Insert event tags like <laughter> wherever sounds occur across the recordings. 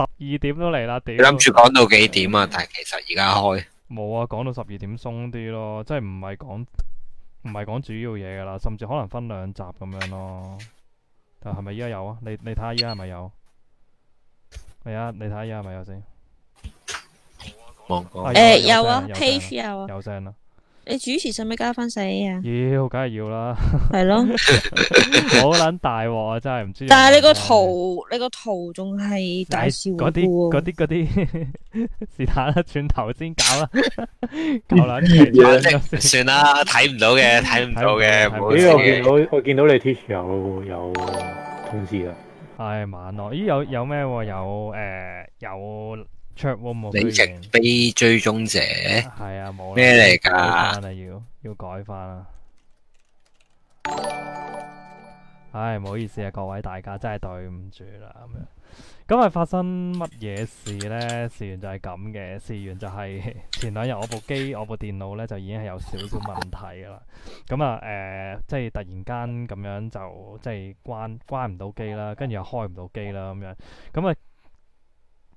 十二點都嚟啦，你諗住講到幾點啊？但係其實而家開冇啊？講到十二點鬆啲咯，即係唔係講唔係講主要嘢噶啦，甚至可能分兩集咁樣咯。但係咪而家有啊？你你睇下而家係咪有？係啊，你睇下而家係咪有先？芒果誒，有啊，PayFeel 有啊，有聲啦。你主持使唔使加翻死啊？妖，梗係要啦。係咯。好捻大喎，真係唔知。但係你個圖，你個圖仲係大笑嗰啲，嗰啲嗰啲是但啦，轉頭先搞啦。夠捻大，算啦，睇唔到嘅，睇唔到嘅。咦，我見到我見到你貼有有通知啦。係晚落，咦？有有咩？有誒，有。林、哦哦、追蹤者係啊，冇嚟啦，要要改翻啦。唉，唔好意思啊，各位大家真係對唔住啦。咁樣咁啊發生乜嘢事呢？事源就係咁嘅，事源就係前兩日我部機， <laughs> 我部電腦呢，就已經係有少少問題㗎啦。咁啊， <laughs> 誒、呃，即係突然間咁樣就即係關關唔到機啦，跟住又開唔到機啦，咁樣咁啊。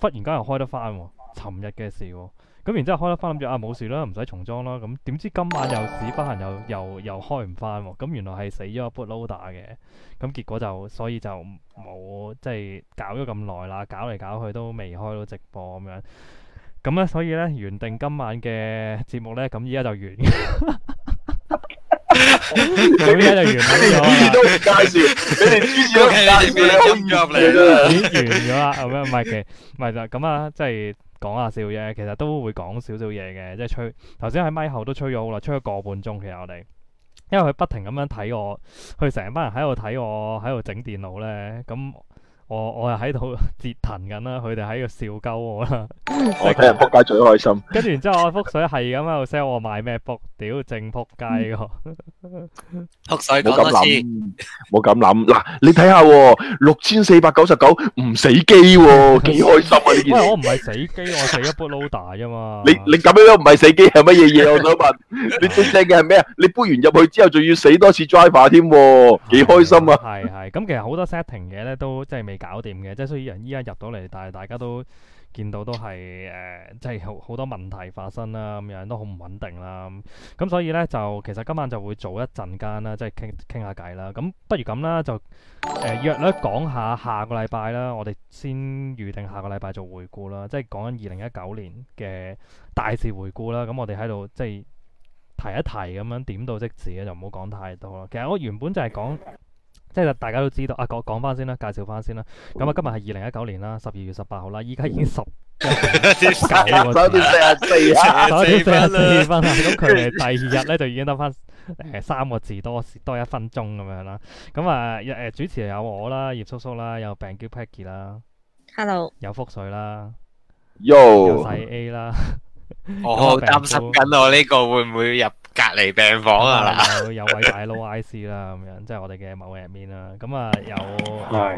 忽然間又開得翻喎，尋日嘅事喎，啊，咁、嗯、然之後開得翻，諗住啊冇事啦，唔使重裝啦，咁、嗯、點知今晚又屎死行，又又又開唔翻喎，咁、嗯、原來係死咗個 bootloader 嘅，咁、er 嗯、結果就所以就冇即係搞咗咁耐啦，搞嚟搞，搞去都未開到直播咁樣，咁、嗯、咧所以咧原定今晚嘅節目咧，咁依家就完。 <laughs> <laughs> 到依家就完咗 <laughs> <laughs> G， <laughs> 你哋都唔介紹， <laughs> 你哋主要都係介入嚟啦。已經完咗啦，咁唔係其唔係就咁啊，即係講下笑啫。其實都會講少少嘢嘅，即係吹。頭先喺咪後都吹咗好耐，吹咗個半鐘。其實我哋因為佢不停咁樣睇我，佢成班人喺度睇我，喺度整電腦咧，咁。我我又喺度折騰緊啦，佢哋喺度笑鳩我啦。我睇人撲街最開心。跟住然之後我幅水係咁喺度 sell，我買咩幅？屌正撲街㗎。黑晒冇咁諗，冇咁諗。嗱，你睇下六千四百九十九唔死機，幾開心啊！呢件。喂，我唔係死機，我死一 bootloader 啫嘛。你你咁樣都唔係死機，係乜嘢嘢？我想問，你最正嘅係咩啊？你 boot 完入去之後，仲要死多次 driver 添，幾開心啊！係係，咁其實好多 setting 嘅咧，都真係未。搞掂嘅，即係所以人依家入到嚟，但係大家都見到都係誒、呃，即係好好多問題發生啦，咁、嗯、樣都好唔穩定啦。咁、嗯、所以呢，就其實今晚就會做一陣間啦，即係傾傾下偈啦。咁不如咁啦，就誒、呃、約咧講下下個禮拜啦，我哋先預定下個禮拜做回顧啦，即係講緊二零一九年嘅大事回顧啦。咁我哋喺度即係提一提咁樣點到即止嘅，就唔好講太多啦。其實我原本就係講。即係大家都知道啊，講講翻先啦，介紹翻先啦。咁啊、哦嗯，今日係二零一九年啦，十二月十八號啦，依家已經十點四十四分啦。咁佢哋第二日咧就已經得翻誒三個字多多一分鐘咁樣啦。咁、嗯、啊，誒主持有我啦，葉叔叔啦，有病嬌 Peggy 啦，Hello，有福水啦，Yo，細 A 啦。 <laughs> 我好擔心緊我呢、呢個會唔會入隔離病房啊， <laughs> <laughs> 有有位大佬 I C 啦，咁樣即係我哋嘅某人面 m 啦，咁啊有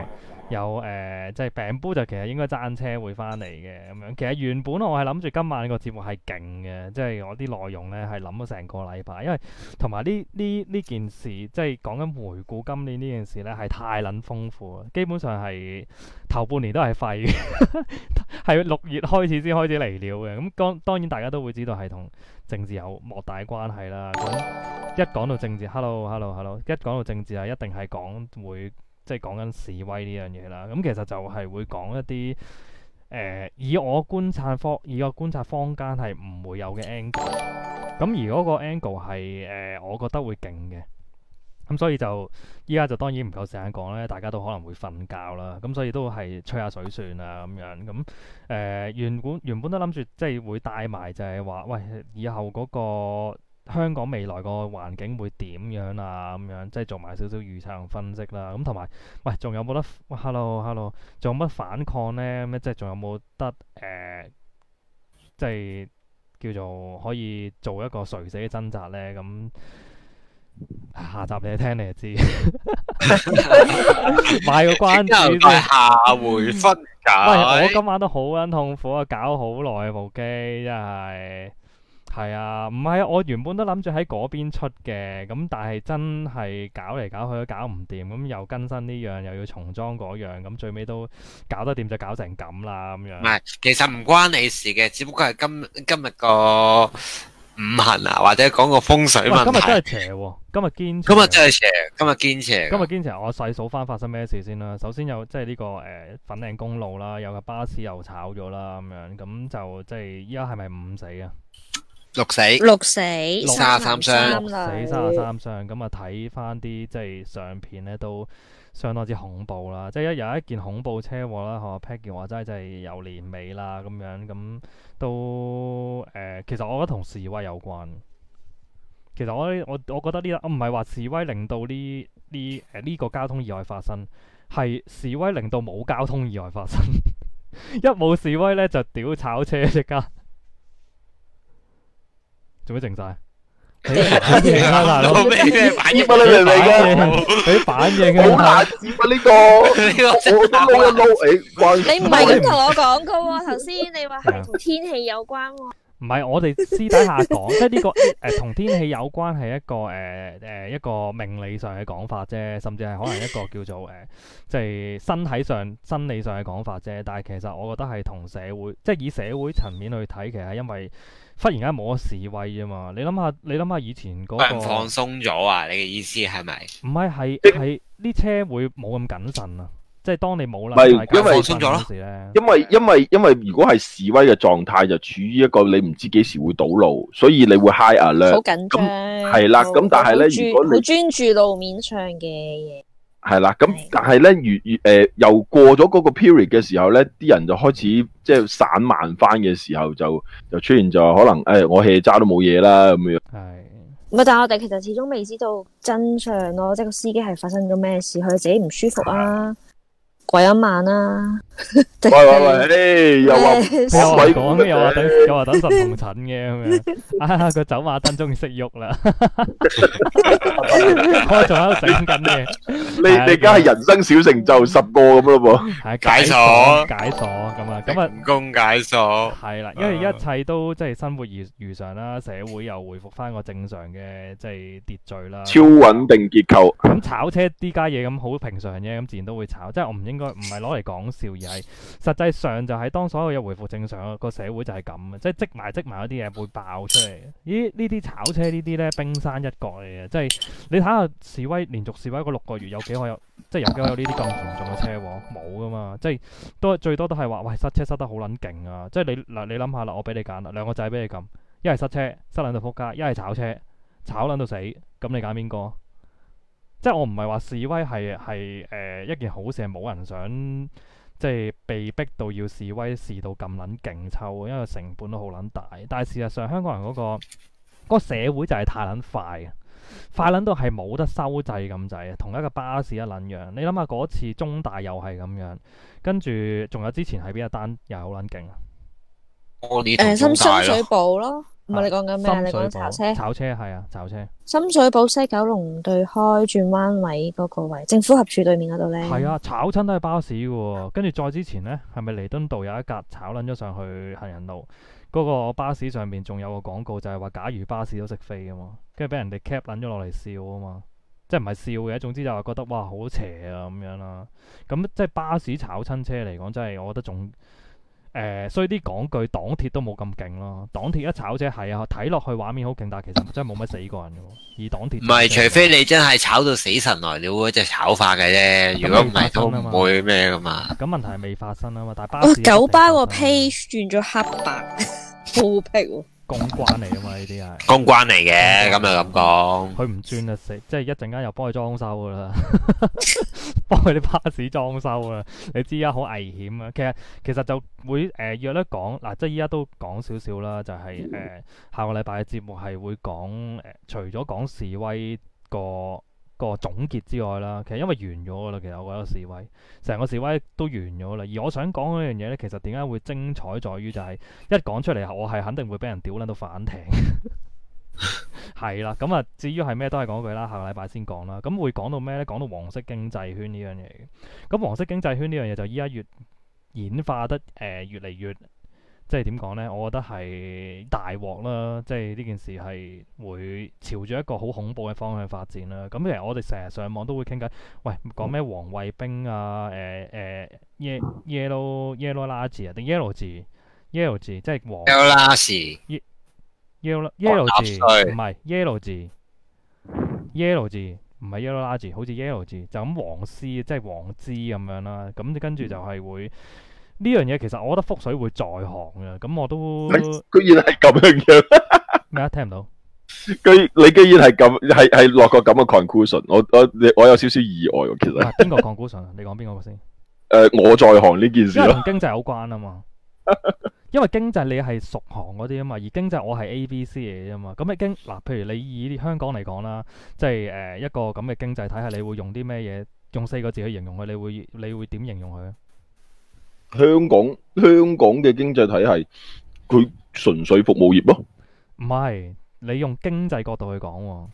有誒，即係病煲就其實應該揸緊車會翻嚟嘅，咁樣其實原本我係諗住今晚個節目係勁嘅，即係我啲內容呢係諗咗成個禮拜，因為同埋呢呢呢件事即係講緊回顧今年呢件事呢係太捻豐富，基本上係頭半年都係廢嘅，係 <laughs> 六月開始先開始嚟料嘅，咁、嗯、當當然大家都會知道係同。政治有莫大關係啦。咁一講到政治，hello hello hello，一講到政治啊，一定係講會即係講緊示威呢樣嘢啦。咁其實就係會講一啲誒、呃，以我觀察坊以我觀察坊間係唔會有嘅 angle。咁而嗰個 angle 係誒、呃，我覺得會勁嘅。咁、嗯、所以就依家就當然唔夠時間講咧，大家都可能會瞓覺啦。咁、嗯、所以都係吹下水算啦咁樣。咁、嗯、誒、呃、原本原本都諗住即係會帶埋就係話，喂，以後嗰個香港未來個環境會點樣啊？咁樣即係做埋少少預測分析啦。咁同埋喂，仲有冇得？Hello，Hello，仲有冇得反抗呢？咩即係仲有冇得誒？即係叫做可以做一個垂死的掙扎呢。嗯，咁。下集你聽你就知，買個關注，下回分解。唔係我今晚都好撚痛苦啊，搞好耐部機，真係係啊，唔係啊，我原本都諗住喺嗰邊出嘅，咁但係真係搞嚟搞去都搞唔掂，咁又更新呢樣，又要重裝嗰樣，咁最尾都搞得掂就搞成咁啦，咁樣。唔係，其實唔關你事嘅，只不過係今今日個。五行啊，或者講個風水嘛。今日真係邪，今日堅。今日真係邪，今日堅邪。今日堅邪，我細數翻發生咩事先啦。首先有即係呢個誒、呃、粉嶺公路啦，有架巴士又炒咗啦，咁樣咁就即係依家係咪五死啊？六死，六死，六死三十三傷，六死三十三傷。咁啊睇翻啲即係相片咧都。相當之恐怖啦，即係一有一件恐怖車禍、喔、啦，嗬？Patrick 話齋真係又年尾啦，咁樣咁都誒、呃，其實我覺得同示威有關。其實我我我覺得呢、這個，我唔係話示威令到呢呢誒呢個交通意外發生，係示威令到冇交通意外發生。 <laughs> 一冇示威呢，就屌炒車即刻，做 <laughs> 咩？靜晒。 <music> 你唔係咁同我講㗎喎，頭先、 <laughs> 哎、你話係同天氣有關喎、啊。唔係，我哋私底下講， <laughs> 即係呢、這個誒同、呃、天氣有關，係一個誒誒、呃呃、一個命理上嘅講法啫，甚至係可能一個叫做誒即係身體上、生理上嘅講法啫。但係其實我覺得係同社會，即係以社會層面去睇，其實係因為忽然間冇咗示威啊嘛。你諗下，你諗下以前嗰、那個放鬆咗啊？你嘅意思係咪？唔係，係係啲車會冇咁謹慎啊？即係當你冇能力，因為因為因為如果係示威嘅狀態，就處於一個你唔知幾時會堵路，所以你會 high alert 咧、嗯，好緊張，係啦。咁但係咧，如果好專注路面上嘅嘢，係、呃、啦。咁但係咧，越越誒又過咗嗰個 period 嘅時候咧，啲人就開始即係散漫翻嘅時候，就就出現咗可能誒、哎、我 hea 渣都冇嘢啦咁樣。係唔係？但係我哋其實始終未知道真相咯，即係個司機係發生咗咩事，佢自己唔舒服啊。鬼一萬啦！喂喂喂，又話又話講咩？又話等又話等十同診嘅咁樣啊！個走馬燈終於識郁啦！我仲喺度諗緊咩？你你而家係人生小成就十個咁咯噃？解鎖解鎖咁啊！咁啊，功解鎖係啦，因為一切都即係生活如如常啦，社會又恢復翻個正常嘅即係秩序啦。超穩定結構咁炒車呢家嘢咁好平常嘅，咁自然都會炒。即係我唔應。應該唔係攞嚟講笑，而係實際上就係當所有嘢回復正常，個社會就係咁嘅，即係積埋積埋嗰啲嘢會爆出嚟。咦？呢啲炒車呢啲咧冰山一角嚟嘅，即係你睇下示威連續示威個六個月有幾可有，即係有幾可有呢啲咁嚴重嘅車禍？冇噶嘛，即係都最多都係話喂，塞車塞得好撚勁啊！即係你嗱，你諗下啦，我俾你揀啦，兩個仔俾你揀，一係塞車塞撚到撲街，一係炒車炒撚到死，咁你揀邊個？即係我唔係話示威係係，誒，一件好事，係冇人想即係被逼到要示威示到咁撚勁抽，因為成本都好撚大。但係事實上香港人嗰個嗰個社會就係太撚快嘅，快撚到係冇得收制咁滯啊！同一個巴士一撚樣，你諗下嗰次中大又係咁樣，跟住仲有之前係邊一單又好撚勁啊？誒、哦，深水埗咯。唔係你講緊咩啊？你講炒車？炒車係啊，炒車。深水埗西九龍對開轉彎位嗰個位，政府合署對面嗰度咧。係啊，炒親都係巴士噶，跟住再之前咧，係咪彌敦道有一格炒捻咗上去行人路嗰、嗰個巴士上面，仲有個廣告就係話，假如巴士都識飛噶嘛，跟住俾人哋 cap 捻咗落嚟笑啊嘛，即係唔係笑嘅，總之就係覺得哇好邪啊咁樣啦、啊。咁、嗯、即係巴士炒親車嚟講，真係我覺得仲。誒、呃，所以啲港句擋鐵都冇咁勁咯，擋鐵一炒啫，係啊，睇落去畫面好勁，但係其實真係冇乜死過人嘅，而擋鐵唔係，除非你真係炒到死神來了嗰隻、那個、炒化嘅啫，如果唔係都唔會咩噶嘛。咁問題係未發生啊嘛，大包、哦，九包九巴個 page 轉咗黑白，好辟公關嚟啊嘛，呢啲係。公關嚟嘅，咁就咁講。佢唔轉就食，即係一陣間又幫佢裝修噶啦，幫佢啲巴士裝修啊！你知家好危險啊。其實其實就會誒、呃、約得講嗱，即係依家都講少少啦，就係、是、誒、呃、下個禮拜嘅節目係會講誒、呃，除咗講示威個個總結之外啦，其實因為完咗啦，其實我覺得示威成個示威都完咗啦。而我想講嗰樣嘢呢，其實點解會精彩在於就係、是、一講出嚟，我係肯定會俾人屌撚到反艇。係 <laughs> <laughs> 啦，咁啊，至於係咩都係講句啦，下個禮拜先講啦。咁會講到咩呢？講到黃色經濟圈呢樣嘢嘅。咁黃色經濟圈呢樣嘢就依家越演化得誒、呃、越嚟越。即係點講呢？我覺得係大鑊啦！即係呢件事係會朝住一個好恐怖嘅方向發展啦。咁譬如我哋成日上網都會傾緊，喂，講咩黃衞兵啊？誒誒，耶魯拉字定耶魯字耶魯字即係黃耶魯拉字？唔係耶魯字耶魯字？唔係 <laughs> 耶魯拉字，好似 <laughs> 耶魯字，字，就咁黃絲、就是、即係黃之咁樣啦。咁跟住就係會。 <laughs> 呢樣嘢其實我覺得覆水會在行嘅，咁我都居然係咁樣樣咩啊？聽唔到？居你居然係咁，係係落個咁嘅 conclusion？我我你我有少少意外喎，其實邊個 conclusion 啊？你講邊個先？誒，我在行呢件事咯，因為同經濟有關啊嘛。因為經濟你係熟行嗰啲啊嘛，而經濟我係 A B C 嚟啊嘛。咁你經嗱，譬如你以香港嚟講啦，即係誒一個咁嘅經濟體系，你會用啲咩嘢？用四個字去形容佢，你會你會點形容佢咧？香港香港嘅經濟體系，佢純粹服務業咯。唔係，你用經濟角度去講，啊，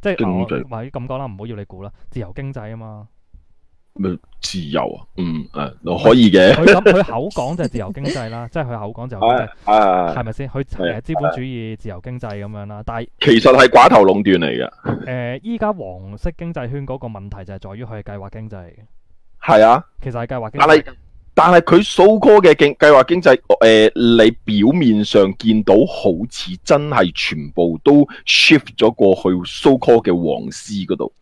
即係經濟。咪咁講啦，唔好要你估啦。自由經濟啊嘛。自由啊？嗯，誒、啊，可以嘅。佢 <laughs> 口講就係自由經濟啦， <laughs> 即係佢口講就係，係咪先？佢係資本主義自由經濟咁樣啦，但係其實係寡頭壟斷嚟嘅。誒、 <laughs> 呃，依家黃色經濟圈嗰個問題就係在於佢係計劃經濟。係啊，其實係計劃經濟。但係是但係佢蘇科嘅經計劃經濟，誒、呃，你表面上見到好似真係全部都 shift 咗過去蘇科嘅王師度。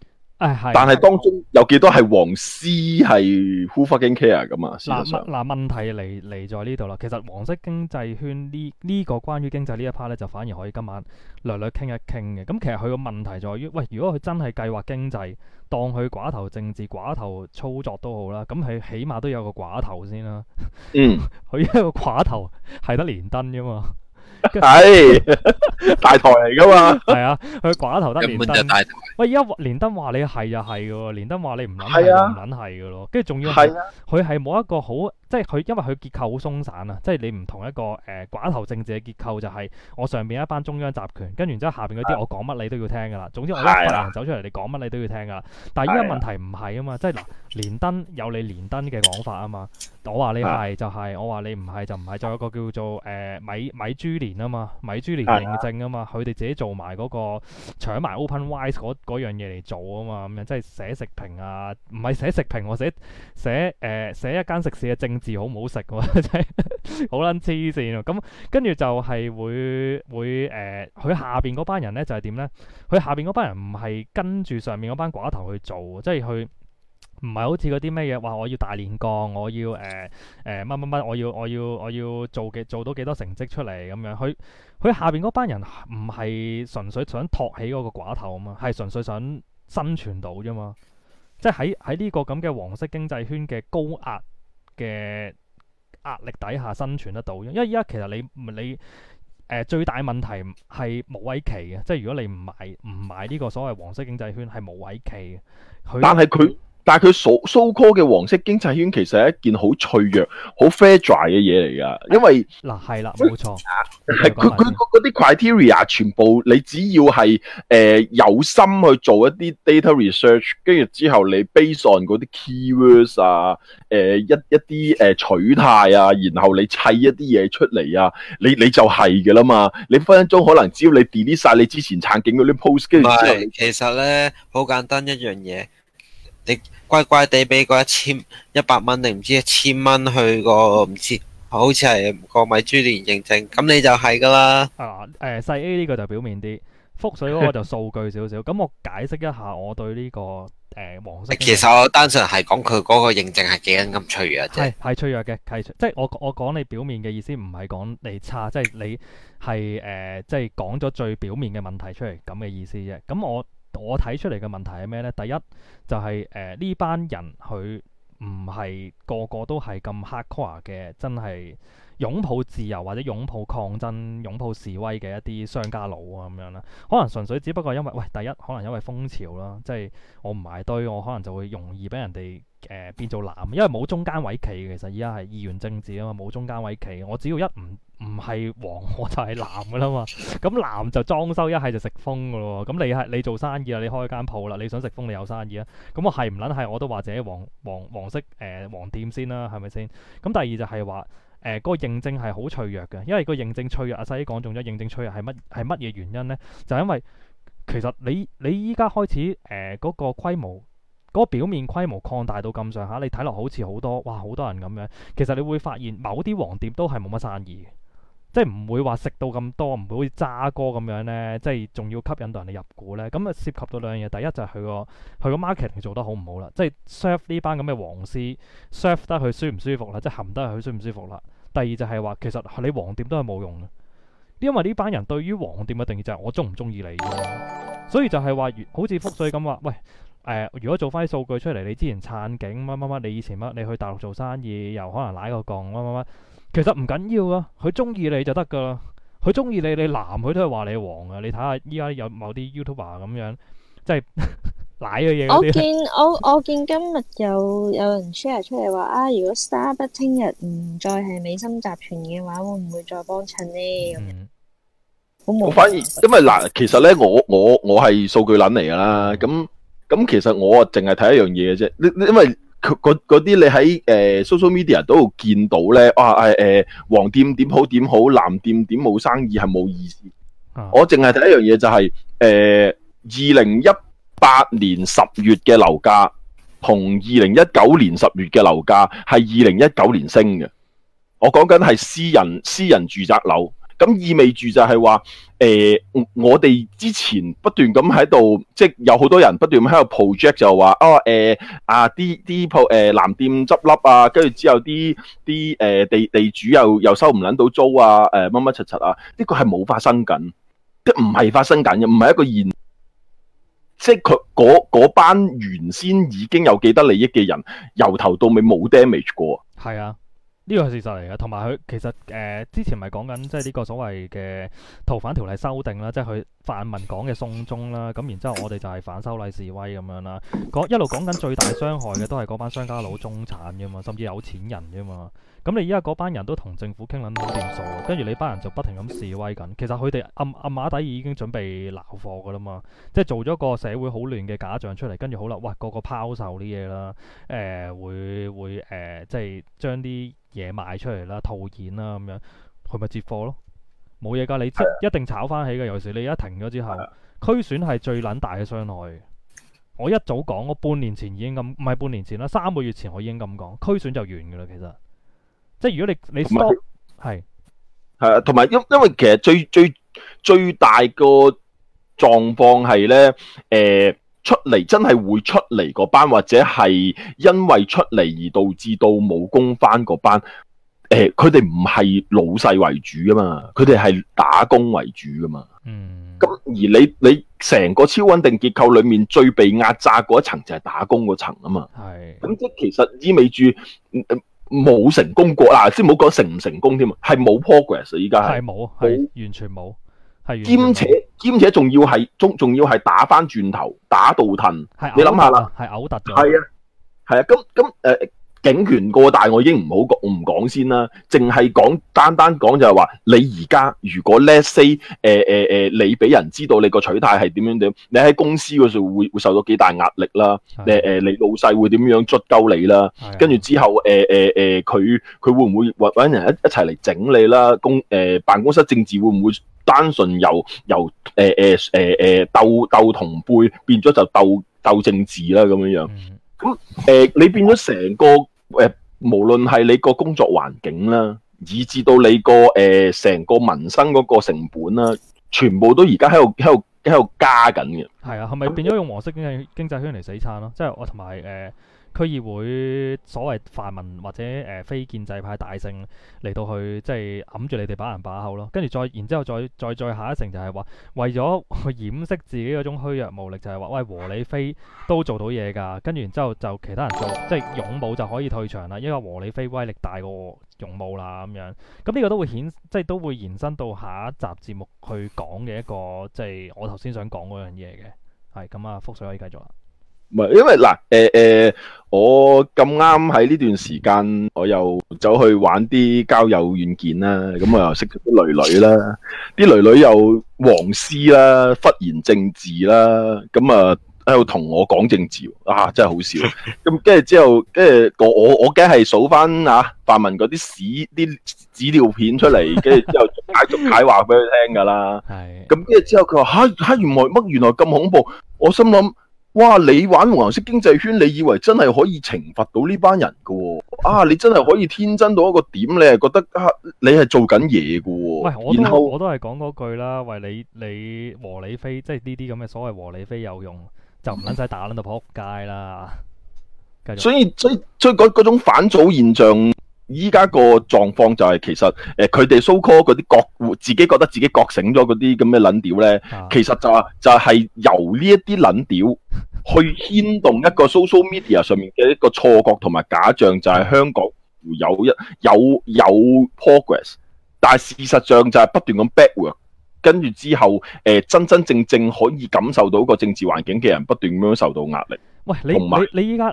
但係當中有幾多係黃絲係《Who fucking care》咁啊？嗱、啊，嗱問題嚟嚟在呢度啦。其實黃色經濟圈呢呢、呢個關於經濟一呢一 part 咧，就反而可以今晚略略傾一傾嘅。咁其實佢個問題在於，喂，如果佢真係計劃經濟，當佢寡頭政治、寡頭操作都好啦，咁佢起碼都有個寡頭先啦、啊。嗯，佢 <laughs> 一個寡頭係得連登啫嘛。係大台嚟噶嘛？係啊，佢寡頭得連登，喂，依家連登話你係就係嘅，連登話你唔撚係你唔撚係嘅咯。跟住仲要係，佢係冇一個好，即係佢因為佢結構好鬆散啊，即係你唔同一個誒寡頭政治嘅結構，就係我上邊一班中央集權，跟住之後下邊嗰啲我講乜你都要聽噶啦。總之我一派人走出嚟，你講乜你都要聽噶啦。但係依家問題唔係啊嘛，即係嗱，連登有你連登嘅講法啊嘛，我話你係就係，我話你唔係就唔係，就有個叫做誒米米朱啊嘛，米珠連認證啊嘛，佢哋自己做埋嗰、嗰個搶埋 OpenWise 嗰樣嘢嚟做啊嘛，咁、嗯、樣即係寫食評啊，唔係寫食評喎、啊，寫寫誒、呃、寫一間食肆嘅政治好唔好食喎、啊， <laughs> 真係好撚黐線喎，咁跟住就係會會誒，佢、呃、下邊嗰班人咧就係點咧？佢下邊嗰班人唔係跟住上面嗰班寡頭去做，即係去。唔係好似嗰啲咩嘢話，我要大煉鋼，我要誒誒乜乜乜，我要我要我要做嘅做到幾多成績出嚟咁樣？佢佢下邊嗰班人唔係純粹想托起嗰個寡頭啊嘛，係純粹想生存到啫嘛。即係喺喺呢個咁嘅黃色經濟圈嘅高壓嘅壓力底下生存得到。因為依家其實你你誒、呃、最大問題係冇位企嘅，即係如果你唔買唔買呢個所謂黃色經濟圈係冇位企嘅，佢但係佢。但係佢所 so call 嘅黃色經濟圈其實係一件好脆弱、好 fragile 嘅嘢嚟噶。因為嗱係啦，冇錯、啊，係佢佢嗰啲 criteria 全部，你只要係誒、呃、有心去做一啲 data research，跟住之後你 based on 嗰啲 keywords 啊，誒、呃、一一啲誒、呃、取態啊，然後你砌一啲嘢出嚟啊，你你就係噶啦嘛，你分分鐘可能只要你 delete 晒你之前撐警嗰啲 post，跟住之後，唔係，其實咧好簡單一樣嘢。你乖乖地俾個一千一百蚊定唔知一千蚊去個唔知，好似係國米豬年認證，咁你就係噶啦。啊，誒、呃、細 A 呢個就表面啲，覆水嗰個就數據少少。咁 <laughs> 我解釋一下我對呢、這個誒、呃、黃色。其實我單純係講佢嗰個認證係幾咁咁脆弱啫。係係脆弱嘅，係即係我我講你表面嘅意思，唔係講你差，即係你係誒、呃、即係講咗最表面嘅問題出嚟咁嘅意思啫。咁我。我睇出嚟嘅問題係咩呢？第一就係誒呢班人佢唔係個個都係咁 hardcore 嘅，真係。擁抱自由或者擁抱抗爭、擁抱示威嘅一啲商家佬啊，咁樣啦，可能純粹只不過因為喂，第一可能因為風潮啦，即係我唔埋堆，我可能就會容易俾人哋誒、呃、變做藍，因為冇中間位企。其實而家係議員政治啊嘛，冇中間位企。我只要一唔唔係黃，我就係藍噶啦嘛。咁藍就裝修一係就食風噶咯。咁你係你做生意啊，你開間鋪啦，你想食風，你有生意啊。咁我係唔撚係我都話自己黃黃，黃色誒、呃、黃店先啦，係咪先？咁第二就係話。誒嗰、呃嗰個認證係好脆弱嘅，因為個認證脆弱。阿細講仲咗認證脆弱係乜係乜嘢原因呢？就係、因為其實你你依家開始誒嗰、呃嗰個規模，嗰、嗰個表面規模擴大到咁上下，你睇落好似好多哇，好多人咁樣。其實你會發現某啲黃店都係冇乜生意。即係唔會話食到咁多，唔會好似渣哥咁樣呢，即係仲要吸引到人哋入股呢。咁啊涉及到兩樣嘢，第一就係佢個佢個 marketing 做得好唔好啦，即係 serve 呢班咁嘅黃絲 serve 得佢舒唔舒服啦，即係含得佢舒唔舒服啦。第二就係話其實你黃店都係冇用嘅，因為呢班人對於黃店嘅定義就係我中唔中意你。所以就係話好似覆水咁話，喂誒、呃，如果做翻啲數據出嚟，你之前撐警乜乜乜，你以前乜，你去大陸做生意又可能拉個槓乜乜乜。其實唔緊要啊，佢中意你就得噶啦。佢中意你，你男佢都係話你黃啊。你睇下依家有某啲 YouTuber 咁樣，即係奶嘅嘢。我見我我見今日有有人 share 出嚟話啊，如果 Starbucks 聽日唔再係美心集團嘅話，會唔會再幫襯咧？咁我反而因為嗱，其實咧我我我係數據捻嚟噶啦。咁咁其實我淨係睇一樣嘢嘅啫。你你因為。嗰啲你喺誒 social media 度見到咧，哇誒誒，黃店點好點好，藍店點冇生意係冇意思。嗯我就是呃。我淨係第一樣嘢就係誒，二零一八年十月嘅樓價同二零一九年十月嘅樓價係二零一九年升嘅。我講緊係私人私人住宅樓。咁意味住就係話，誒、呃，我哋之前不斷咁喺度，即係有好多人不斷喺度 project，就話、哦呃、啊，誒，啊啲啲鋪誒南店執笠啊，跟住之後啲啲誒地地主又又收唔撚到租啊，誒乜乜柒柒啊，呢、這個係冇發生緊，即唔係發生緊嘅，唔係一個現，即係佢嗰班原先已經有既得利益嘅人，由頭到尾冇 damage 過。係啊。呢個係事實嚟嘅，同埋佢其實誒、呃、之前咪講緊即係呢個所謂嘅逃犯條例修訂啦，即係佢泛民講嘅送中啦，咁然之後我哋就係反修例示威咁樣啦，講一路講緊最大傷害嘅都係嗰班商家佬中產㗎嘛，甚至有錢人㗎嘛，咁你依家嗰班人都同政府傾撚好掂數，跟住你班人就不停咁示威緊，其實佢哋暗暗馬底已經準備撈貨㗎啦嘛，即係做咗個社會好亂嘅假象出嚟，跟住好啦，哇個個拋售啲嘢啦，誒、呃、會會誒、呃、即係將啲嘢賣出嚟啦，套現啦咁樣，佢咪接貨咯，冇嘢㗎，你即的一定炒返起嘅，尤其是你一停咗之後，區選係最撚大嘅傷害。我一早講，我半年前已經咁，唔係半年前啦，三個月前我已經咁講，區選就完㗎啦，其實，即係如果你你係係啊，同埋是因為因為其實最最最大個狀況係咧，誒、呃。出嚟真係會出嚟嗰班，或者係因為出嚟而導致到冇工返嗰班。誒、呃，佢哋唔係老細為主噶嘛，佢哋係打工為主噶嘛。嗯。咁而你你成個超穩定結構裏面最被壓榨嗰一層就係打工嗰層啊嘛。係。咁即係其實意味住冇、呃、成功過，嗱、啊，先唔好講成唔成功添啊，係冇 progress 依家。係冇，係完全冇。兼且兼且仲要係，仲仲要係打翻轉頭打倒騰，你諗下啦，係嘔突係啊係啊，咁咁誒警權過大，我已經唔好講唔講先啦，淨係講單單講就係話，你而家如果 let say 誒誒誒，你俾人知道你個取態係點樣點，你喺公司嗰時候會會受到幾大壓力啦，誒誒的你，呃、你老細會點樣捽鳩你啦，跟住之後誒誒誒佢佢會唔會揾人一一齊嚟整你啦，公誒、呃、辦公室政治會唔會？單純由由誒誒誒誒鬥鬥同輩變咗就鬥鬥政治啦咁樣樣，咁誒、嗯呃、你變咗成個誒、呃、無論係你個工作環境啦，以至到你個誒成個民生嗰個成本啦，全部都而家喺度喺度喺度加緊嘅。係啊，係咪變咗用黃色經濟經濟圈嚟死撐咯？即係我同埋誒。呃區議會所謂泛民或者誒非建制派大勝嚟到去，即係揞住你哋把人把口咯。跟住再，然之後再再再下一城，就係話為咗掩飾自己嗰種虛弱無力，就係話喂和理非都做到嘢㗎。跟住然之後就其他人做，即係勇武就可以退場啦。因為和理非威力大過勇武啦咁樣。咁呢個都會顯，即係都會延伸到下一集節目去講嘅一個，即係我頭先想講嗰樣嘢嘅。係咁啊，福水可以繼續啦。唔係，因為嗱，誒誒、哎哎，我咁啱喺呢段時間，我又走去玩啲交友軟件啦，咁我又識啲女 <laughs> 女啦，啲女女又黃絲啦，忽然政治啦，咁啊喺度同我講政治，啊真係好笑。咁跟住之後，跟住我我我梗係數翻啊，泛民嗰啲史啲史料片出嚟，跟住之後繼續繼續解話俾佢聽噶啦。係。 <laughs> 咁跟住之後佢話吓吓，原來乜原來咁恐怖，我心諗。哇！你玩黃色經濟圈，你以為真係可以懲罰到呢班人嘅喎、哦？啊！你真係可以天真到一個點，你係覺得啊、哦，你係做緊嘢嘅喎。喂，我都然後我都係講嗰句啦，喂，你你和理非，即係呢啲咁嘅所謂和理非有用，就唔撚使打撚到仆街啦。所以所以所以嗰種反祖現象。依家個狀況就係、是、其實誒佢哋 so call 嗰啲覺自己覺得自己覺醒咗嗰啲咁嘅撚屌咧，啊、其實就係、是、就係、是、由呢一啲撚屌去牽動一個 social media 上面嘅一個錯覺同埋假象，就係香港有一有有 progress，但係事實上就係不斷咁 backward 跟住之後誒、呃、真真正正可以感受到個政治環境嘅人不斷咁受到壓力。喂，你你你依家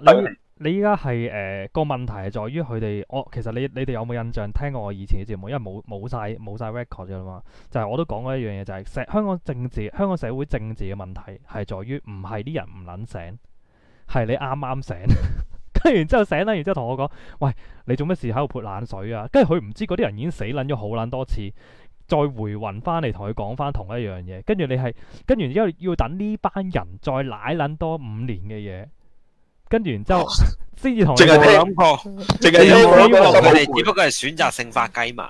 你依家係誒個問題係在於佢哋，我其實你你哋有冇印象聽過我以前嘅節目？因為冇冇曬冇曬 record 㗎啦嘛，就係、是、我都講過一樣嘢，就是，就係香港政治、香港社會政治嘅問題係在於唔係啲人唔撚醒，係你啱啱醒，跟 <laughs> 住然之後醒啦，然之後同我講：喂，你做乜事喺度潑冷水啊？跟住佢唔知嗰啲人已經死撚咗好撚多次，再回魂翻嚟同佢講翻同一樣嘢，跟住你係跟住之後要，要等呢班人再奶撚多五年嘅嘢。跟住，然之後政治同你冇諗過，淨係有冇諗過佢哋？只不過係選擇性發雞盲，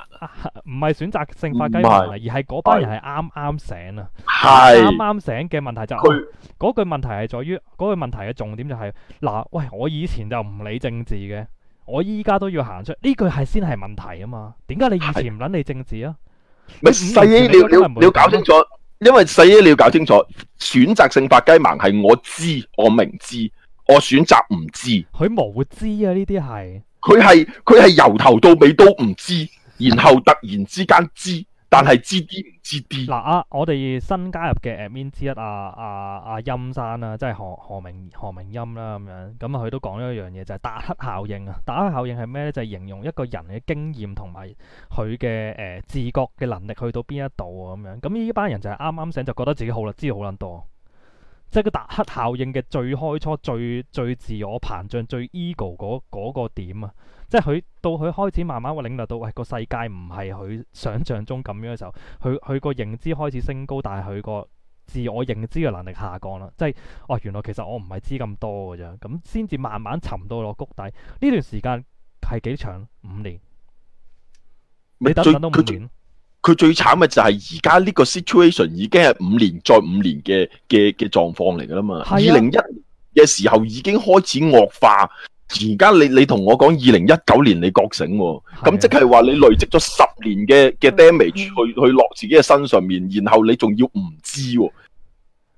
唔係選擇性發雞盲，而係嗰班人係啱啱醒啊，啱啱醒嘅問題就嗰句問題係在於嗰個問題嘅重點就係嗱，喂，我以前就唔理政治嘅，我依家都要行出呢句係先係問題啊嘛？點解你以前唔撚理政治啊？細姨，你要你要搞清楚，因為細姨你要搞清楚選擇性發雞盲係我知，我明知。我選擇唔知，佢無知啊！呢啲係佢係佢係由頭到尾都唔知，然後突然之間知，但係知啲唔知啲。嗱啊，我哋新加入嘅 admin 之一啊啊啊陰、啊、山啦、啊，即係何何明何明陰啦咁樣，咁啊佢都講咗一樣嘢就係、是、達克效應啊。達克效應係咩咧？就係、是、形容一個人嘅經驗同埋佢嘅誒自覺嘅能力去到邊一度啊咁樣。咁呢班人就係啱啱醒就覺得自己好啦，知道好撚多。即係個達克效應嘅最開初、最最自我膨脹、最 ego 嗰個點啊！即係佢到佢開始慢慢會領略到，喂、哎、個世界唔係佢想象中咁樣嘅時候，佢佢個認知開始升高，但係佢個自我認知嘅能力下降啦。即係哦、啊，原來其實我唔係知咁多嘅啫，咁先至慢慢沉到落谷底。呢段時間係幾長？五年，你等等到五年。佢最慘嘅就係而家呢個 situation 已經係五年再五年嘅嘅嘅狀況嚟噶啦嘛，二零一嘅時候已經開始惡化，而家你你同我講二零一九年你覺醒、啊、咁、啊、即係話你累積咗十年嘅嘅 damage 去 <laughs> 去，去落自己嘅身上面，然後你仲要唔知、啊，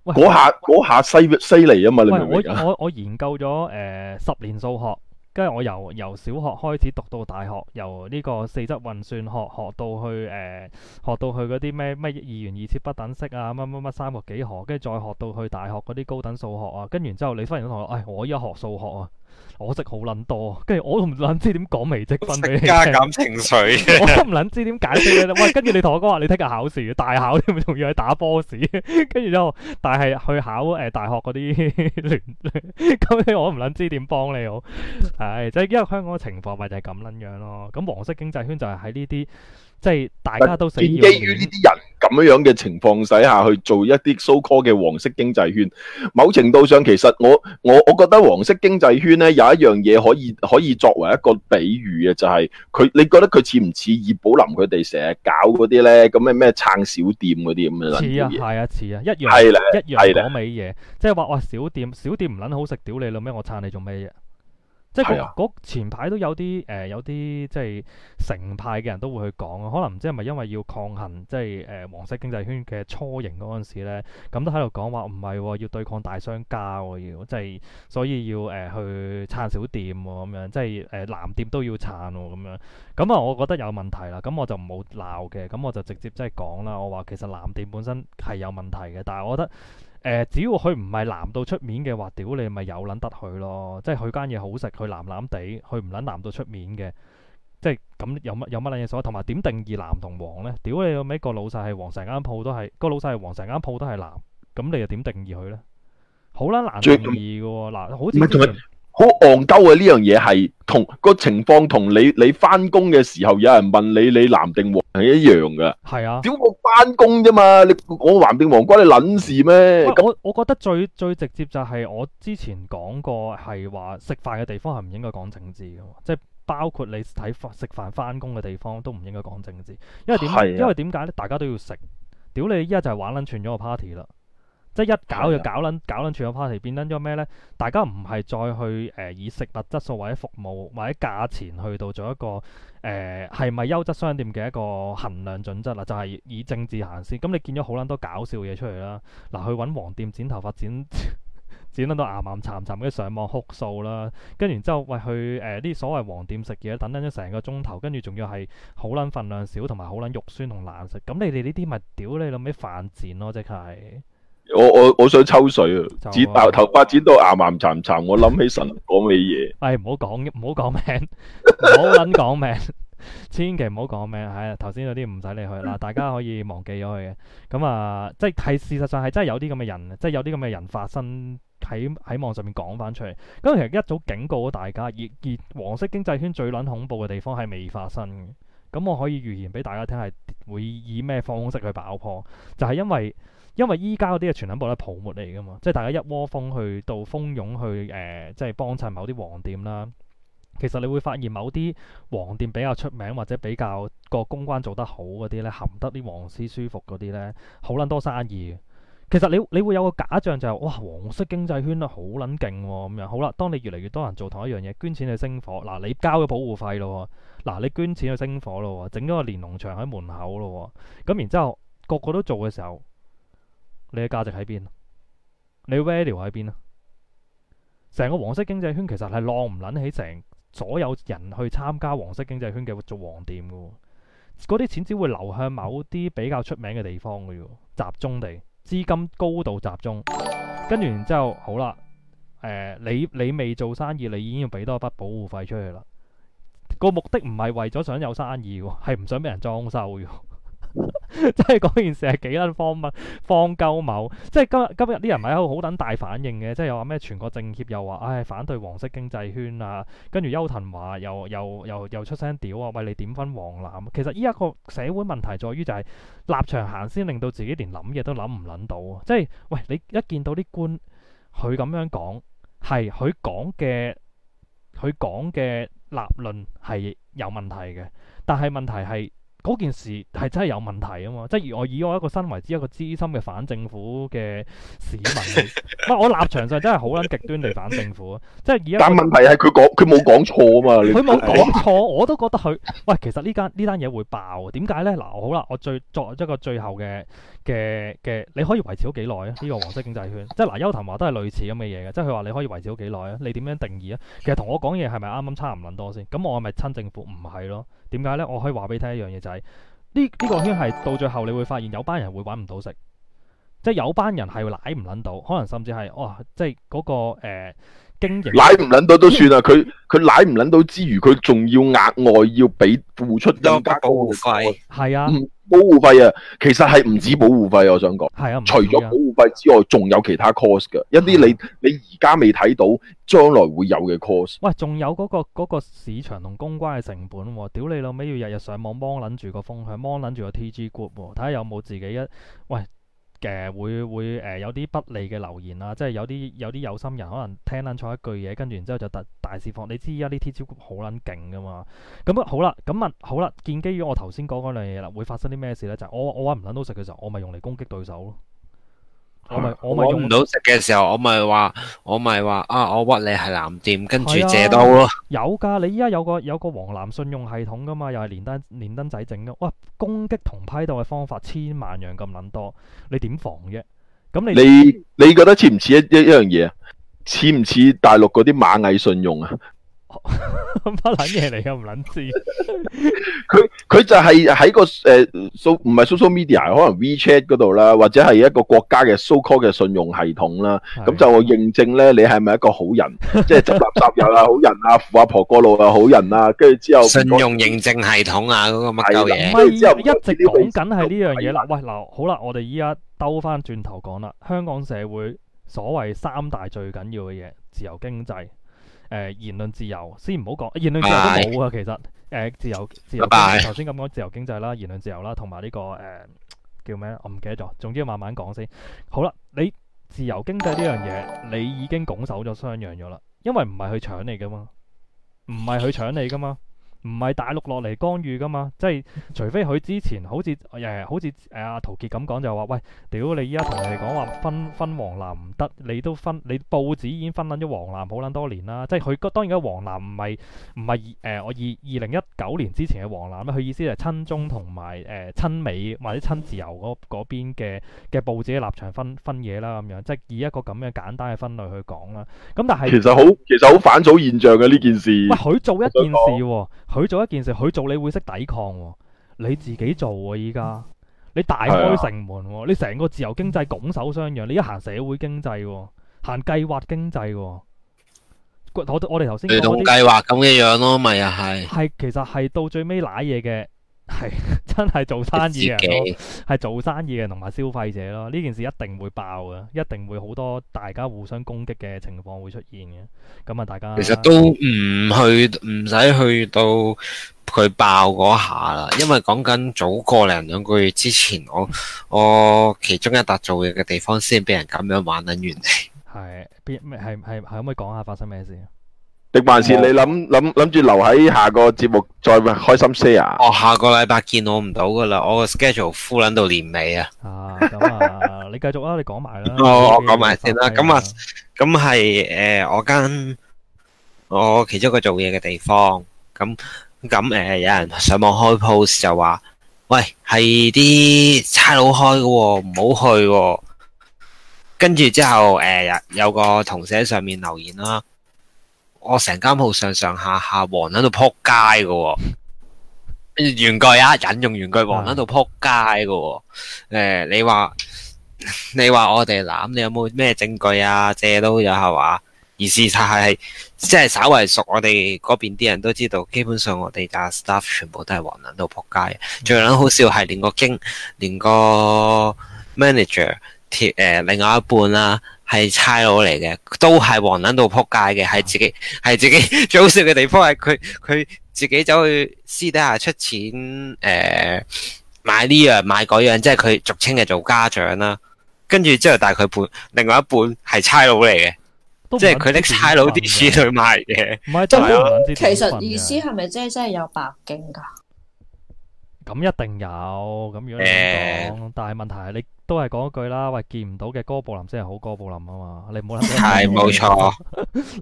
喂，嗰下喂嗰下犀犀利啊嘛，喂你明唔明？我我我研究咗誒、呃、十年數學。跟住我由由小學開始讀到大學，由呢個四則運算學學到去誒，學到去嗰啲咩咩二元二次不等式啊，乜乜乜三角幾何，跟住再學到去大學嗰啲高等數學啊，跟完之後你忽然間同學，哎，我而家學數學啊！我識好捻多，跟住我都唔捻知點講微積分俾你聽，加減情緒，我都唔捻知點解釋你 <laughs> 喂，跟住你同我講話，你聽日考試大考，你咪仲要去打 boss，跟住之後，但係去考誒大學嗰啲聯，咁 <laughs> 我唔捻知點幫你好。係， <laughs> 即係因為香港嘅情況咪就係咁捻樣咯。咁黃色經濟圈就係喺呢啲。即係大家都死要面，基於呢啲人咁樣樣嘅情況底下去做一啲 so called 嘅黃色經濟圈，某程度上其實我我我覺得黃色經濟圈咧有一樣嘢可以可以作為一個比喻嘅就係、是、佢，你覺得佢似唔似葉寶林佢哋成日搞嗰啲咧咁咩咩撐小店嗰啲咁樣啦？似啊，係啊，似啊，一樣係啦，一樣攞尾嘢，即係話話小店，小店唔撚好食，屌你老味？我撐你，你做咩嘢？即係嗰前排都有啲誒、呃、有啲即係成派嘅人都會去講，可能唔知係咪因為要抗衡即係誒、呃、黃色經濟圈嘅雛形嗰陣時咧，咁都喺度講話唔係喎，要對抗大商家喎、哦，要即係所以要誒、呃、去撐小店喎、哦，咁樣即係誒、呃、藍店都要撐喎、哦，咁樣咁啊，我覺得有問題啦，咁我就冇鬧嘅，咁我就直接即係講啦，我話其實藍店本身係有問題嘅，但係我覺得。誒、呃，只要佢唔係藍到出面嘅話，屌你咪有撚得佢咯！即係佢間嘢好食，佢藍藍地，佢唔撚藍到出面嘅，即係咁有乜有乜撚嘢所謂？同埋點定義藍同黃呢？屌你個尾個老細係黃，成間鋪都係個老細係黃，成間鋪都係藍，咁你又點定義佢呢？好啦，難定義嘅喎、哦，嗱好似。好戇鳩啊！呢樣嘢係同、這個情況同你你翻工嘅時候有人問你你藍定黃係一樣噶。係啊，屌我翻工啫嘛！你我藍定黃關你撚事咩？我我，我覺得最最直接就係我之前講過係話食飯嘅地方係唔應該講政治嘅，即係包括你喺食飯翻工嘅地方都唔應該講政治，因為點？啊、因為點解咧？大家都要食。屌你依家就係玩撚串咗個 party 啦。即係一搞就搞撚搞撚，全個 party 變得咗咩呢？大家唔係再去誒、呃、以食物質素或者服務或者價錢去到做一個誒係咪優質商店嘅一個衡量準則啦？就係、是、以政治行先咁、嗯，你見咗好撚多搞笑嘢出嚟啦！嗱、啊，去揾黃店剪頭髮剪剪撚到牙冧慘慘嘅，上網哭訴啦，跟住然之後喂去誒啲、呃、所謂黃店食嘢，等等，咗成個鐘頭，跟住仲要係好撚份量少同埋好撚肉酸同爛食。咁你哋呢啲咪屌你諗咩犯賤咯？即係。我我我想抽水啊！剪頭頭髮剪到岩岩殘殘，我諗起神講咩嘢？哎，唔好講唔好講名，唔好捻講名，千祈唔好講名。係頭先有啲唔使理佢嗱，大家可以忘記咗佢嘅咁啊。即係係事實上係真係有啲咁嘅人，即係有啲咁嘅人發生喺喺網上面講翻出嚟。咁其實一早警告咗大家，而而黃色經濟圈最捻恐怖嘅地方係未發生嘅。咁我可以預言俾大家聽係會以咩方式去爆破，就係因為。因為依家嗰啲嘅全響部都泡沫嚟噶嘛，即係大家一窩蜂去到蜂擁去誒，即係幫襯某啲黃店啦。其實你會發現某啲黃店比較出名或者比較個公關做得好嗰啲呢，含得啲黃絲舒服嗰啲呢，好撚多生意。其實你你會有個假象就係，是，哇，黃色經濟圈咧好撚勁咁樣。好啦，當你越嚟越多人做同一樣嘢，捐錢去星火嗱，你交咗保護費咯嗱，你捐錢去星火咯，整咗個連儂牆喺門口咯咁，嗯，然之後個個都做嘅時候，你嘅價值喺邊？你 value 喺邊啊？成個黃色經濟圈其實係浪唔撚起，成所有人去參加黃色經濟圈嘅做黃店喎，嗰啲錢只會流向某啲比較出名嘅地方嘅喎，集中地資金高度集中，跟住然之後好啦，誒、呃、你你未做生意，你已經要俾多一筆保護費出去啦。個目的唔係為咗想有生意喎，係唔想俾人裝修喎。 <laughs> 即係嗰件事係幾撚荒謬放鳩某，即係今日今日啲人咪喺度好等大反應嘅，即係又話咩全國政協又話，唉反對黃色經濟圈啊，跟住邱騰華又，又又又又出聲屌啊，喂你點分黃藍？其實依一個社會問題在於就係立場行先令到自己連諗嘢都諗唔諗到、啊，即係喂你一見到啲官佢咁樣講，係佢講嘅佢講嘅立論係有問題嘅，但係問題係。嗰件事係真係有問題啊嘛！即係我以我一個身為之一個資深嘅反政府嘅市民，唔 <laughs> 我立場上真係好撚極端地反政府，即係而。但問題係佢講佢冇講錯啊嘛！佢冇講錯， <laughs> 我都覺得佢喂，其實呢單呢單嘢會爆，點解呢？嗱，好啦，我最作一個最後嘅。嘅嘅，你可以維持到幾耐啊？呢個黃色經濟圈，即係嗱，邱騰華都係類似咁嘅嘢嘅，即係佢話你可以維持到幾耐啊？你點樣定義啊？其實同我講嘢係咪啱啱差唔撚多先？咁我咪親政府唔係咯？點解呢？我可以話俾你聽一樣嘢，就係呢，呢個圈係到最後你會發現有班人會揾唔到食，即係有班人係奶唔撚到，可能甚至係哦，即係嗰個，呃奶唔捻到都算啦，佢佢奶唔捻到之餘，佢仲要額外要俾付出加保護費。一交保護費，係啊，保護費啊，其實係唔止保護費，啊，我想講，係啊，保護費啊除咗保護費之外，仲有其他 cost 嘅，一啲你你而家未睇到，將來會有嘅 cost，啊。喂，仲有嗰、嗰個、嗰個市場同公關嘅成本喎，啊，屌你老味要日日上網摸捻住個風向，摸捻住個 TG group 睇下有冇自己一喂。嘅、呃、會會誒、呃、有啲不利嘅留言啊，即係有啲有啲有心人可能聽撚錯一句嘢，跟住然之後就大大釋放。你知啊，啲鍵超好撚勁噶嘛，咁、嗯、好啦，咁、嗯、問好啦。建基於我頭先講嗰樣嘢啦，會發生啲咩事咧？就係、是、我我話唔撚到食嘅時候，我咪用嚟攻擊對手咯。我咪我咪用唔到食嘅時候，我咪話我咪話啊！我屈你係藍店，跟住借刀咯。有噶，你依家有個有個黃藍信用系統噶嘛，又係連登連登仔整噶。哇！攻擊同批鬥嘅方法千萬樣咁捻多，你點防啫？咁你你你覺得似唔似一一樣嘢啊？似唔似大陸嗰啲螞蟻信用啊？乜卵嘢嚟？又唔卵知佢佢 <laughs> <laughs> 就係喺個誒，so 唔係 social media，可能 WeChat 嗰度啦，或者係一個國家嘅 so-called 嘅信用系統啦。咁 <laughs> 就認證咧，你係咪一個好人？即係執垃圾入啊，好人啊，扶阿婆過路啊，好人啊，跟住之後，然後信用認證系統啊，嗰、那個乜鳩嘢？唔係 <laughs> 是一直講緊係呢樣嘢啦。喂，嗱，好啦，我哋依家兜翻轉頭講啦。香港社會所謂三大最緊要嘅嘢，自由經濟。誒言論自由先唔好講，言論自由都冇啊。其實，誒、呃、自由自由，頭先咁講自由經濟啦，言論自由啦，同埋呢個誒、呃、叫咩？我唔記得咗，總之要慢慢講先。好啦，你自由經濟呢樣嘢，你已經拱手咗相讓咗啦，因為唔係去搶你噶嘛，唔係去搶你噶嘛。唔係大陸落嚟干預噶嘛？即係除非佢之前好似誒、呃，好似誒阿陶傑咁講，就話喂，屌你依家同人哋講話分分黃藍唔得，你都分你報紙已經分撚咗黃藍好撚多年啦。即係佢當然啦，黃藍唔係唔係誒我二二零一九年之前嘅黃藍啦。佢意思係親中同埋誒親美或者親自由嗰邊嘅嘅報紙嘅立場分分嘢啦咁樣，即係以一個咁樣簡單嘅分類去講啦。咁但係其實好其實好返祖現象嘅呢件事。喂，佢做一件事。佢做一件事，佢做你會識抵抗喎、哦，你自己做啊！依家你大開城門喎、哦，的你成個自由經濟拱手相讓，你一行社會經濟喎、哦，行計劃經濟喎、哦，我我哋頭先講計劃咁嘅樣咯，咪呀係係其實係到最尾瀨嘢嘅。係。 <laughs> 真係做生意嘅，係自做生意嘅同埋消費者咯。呢件事一定會爆嘅，一定會好多大家互相攻擊嘅情況會出現嘅。咁啊，大家其實都唔去，唔使 <laughs> 去到佢爆嗰下啦。因為講緊早過零兩,兩個月之前，我我其中一笪做嘢嘅地方先俾人咁樣玩緊完嚟。係係係係，可唔可以講下發生咩事？定還是你諗諗諗住留喺下個節目再開心 share？哦，下個禮拜見我唔到噶啦，我個 schedule full 到年尾啊！啊，咁啊，你繼續啦，你講埋啦。哦，我講埋先啦。咁啊，咁係誒，我間我其中一個做嘢嘅地方，咁咁誒，有人上網開 post 就話，喂，係啲差佬開嘅，唔好去。跟住之後，誒，有個同事喺上面留言啦。我成間鋪上上下下黃，喺度扑街㗎。原句啊，引用原句，黃喺度扑街㗎。誒、呃，你話你話我哋攬，你有冇咩證據啊？借都有下話，而事實係即係稍為熟我哋嗰邊啲人都知道，基本上我哋架 staff 全部都係黃，喺度扑街。最捻好笑係連個經，連個 manager 貼誒、呃，另外一半啦、啊。係差佬嚟嘅，都係黃捻到仆街嘅。係自己係自己最好笑嘅地方係佢佢自己走去私底下出錢誒、呃、買呢樣買嗰樣，即係佢俗稱係做家長啦。跟住之後，但係佢半另外一半係差佬嚟嘅，即係佢拎差佬啲錢去買嘅。唔咁是其實意思係咪即係真係有背景噶？咁一定有，咁樣嚟講，嗯、但係問題係你都係講一句啦，喂，見唔到嘅哥布林先係好哥布林啊嘛，你唔好諗。係冇錯，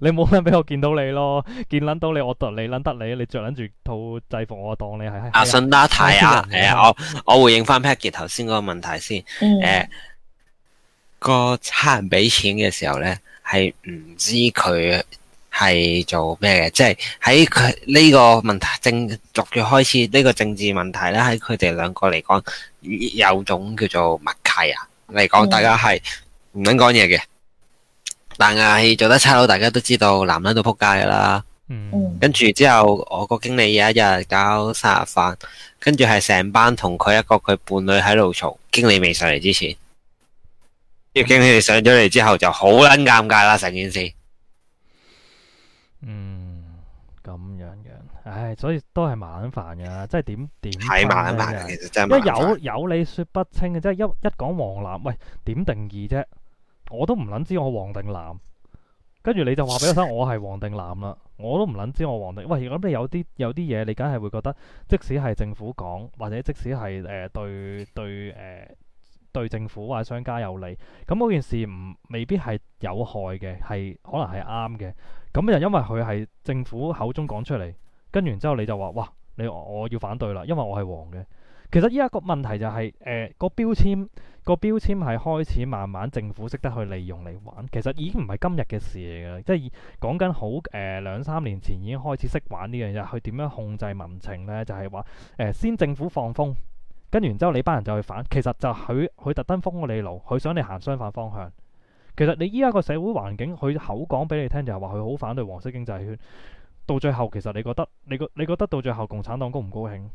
<laughs> 你唔好諗俾我見到你咯，見捻到你我當你捻、啊、得你，你着捻住套制服我當你係阿信達太啊！我我回應翻 Patrick 頭先嗰個問題先，誒、嗯，個差人俾錢嘅時候咧，係唔知佢。係做咩嘅？即係喺佢呢個問題政陸續開始呢、這個政治問題咧，喺佢哋兩個嚟講，有種叫做默契啊。嚟講，mm hmm. 大家係唔想講嘢嘅，但係做得差佬，大家都知道男人都撲街噶啦。跟住、mm hmm. 之後，我個經理有一日搞生日飯，跟住係成班同佢一個佢伴侶喺度嘈，經理未上嚟之前，要、mm hmm. 經理上咗嚟之後就好撚尷尬啦，成件事。嗯，咁樣樣，唉，所以都係麻煩噶，即係點點係麻煩，其實真係，有有理說不清嘅，即係一一講黃藍喂點定義啫？我都唔捻知我黃定藍，跟住你就話俾我聽我係黃定藍啦， <laughs> 我都唔捻知我黃定喂。咁你有啲有啲嘢，你梗係會覺得，即使係政府講，或者即使係誒、呃、對對誒、呃、對政府或者商家有利，咁嗰件事唔未必係有害嘅，係可能係啱嘅。咁就、嗯、因為佢係政府口中講出嚟，跟住之後你就話：哇！你我要反對啦，因為我係黃嘅。其實依家個問題就係、是，誒、呃、個標籤個標籤係開始慢慢政府識得去利用嚟玩，其實已經唔係今日嘅事嚟㗎。即係講緊好誒兩三年前已經開始識玩呢樣嘢，去點樣控制民情呢？就係話誒先政府放風，跟住之後你班人就去反，其實就佢佢特登封咗你路，佢想你行相反方向。其實你依家個社會環境，佢口講俾你聽就係話佢好反對黃色經濟圈。到最後，其實你覺得你個你覺得到最後共產黨高唔高興？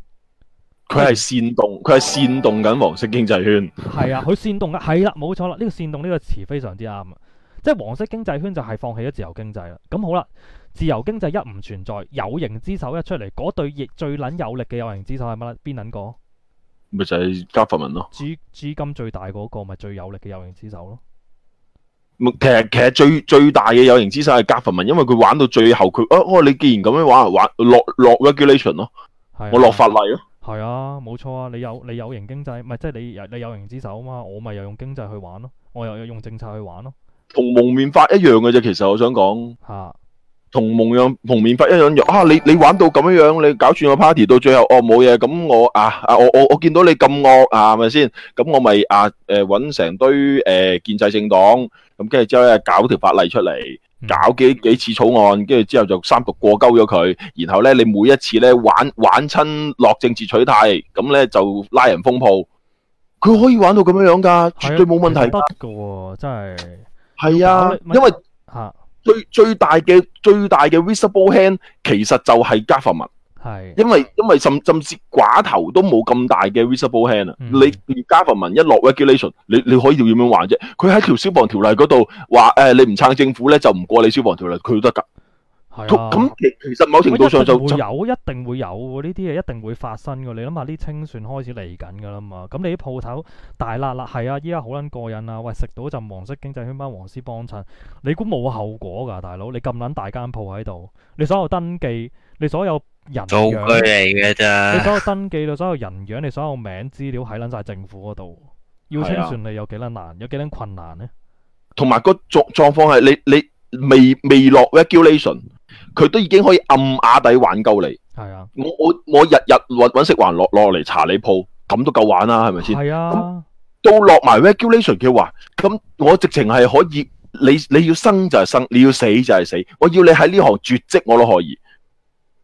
佢係煽動，佢係煽動緊黃色經濟圈。係 <laughs> 啊，佢煽動啊，係啦，冇錯啦。呢個煽動呢個詞非常之啱啊，即係黃色經濟圈就係放棄咗自由經濟啦。咁好啦，自由經濟一唔存在，有形之手一出嚟，嗰對亦最捻有力嘅有形之手係乜咧？邊捻個？咪就係 government 咯，資資金最大嗰個咪最有力嘅有形之手咯。其實其實最最大嘅有形之手係 government，因為佢玩到最後佢，啊，我你既然咁樣玩，玩落落 regulation 咯，是啊、我落法例咯，係啊，冇錯啊，你有你有形經濟，唔係即係你你有形之手啊嘛，我咪又用經濟去玩咯、啊，我又用政策去玩咯，同蒙面法一樣嘅啫，其實我想講。同蒙樣蒙面法一樣樣啊！你你玩到咁樣樣，你搞串個 party 到最後哦冇嘢，咁我啊啊我我我見到你咁惡啊，係咪先？咁我咪啊誒搵成堆誒建制政黨，咁跟住之後咧搞條法例出嚟，搞幾幾次草案，跟住之後就三讀過鳩咗佢，然後咧你每一次咧玩玩親落政治取態，咁咧就拉人封鋪。佢可以玩到咁樣樣噶，絕對冇問題。得嘅，真係。係啊，因為吓。最最大嘅最大嘅 visible hand 其實就係 government，係因為因為甚甚至寡頭都冇咁大嘅 visible hand 啊、嗯！你而 government 一落 regulation，你你可以要點樣玩啫？佢喺條消防條例嗰度話誒，你唔撐政府咧，就唔過你消防條例，佢都得噶。咁其、啊、其實某程度上就會有一定會有呢啲嘢，一定，一定會發生噶。你諗下，啲清算開始嚟緊噶啦嘛。咁你啲鋪頭大辣辣，係啊，依家好捻過癮啊！喂，食到一陣黃色經濟圈班黃絲幫襯，你估冇後果噶，啊，大佬？你咁捻大間鋪喺度，你所有登記，你所有人做嘅啫。你所有登記到所有人樣，你所有名資料喺捻晒政府嗰度，要清算你有幾捻難、啊、難，有幾捻困難呢？同埋個狀狀況係你你，你未未落 regulation。佢都已經可以暗啞底玩夠你，係啊的！我我我日日揾食環落落嚟查你鋪，咁都夠玩啦，係咪先？係啊！都落埋 regulation，佢話咁我直情係可以，你你要生就係生，你要死就係死，我要你喺呢行絕跡，我都可以。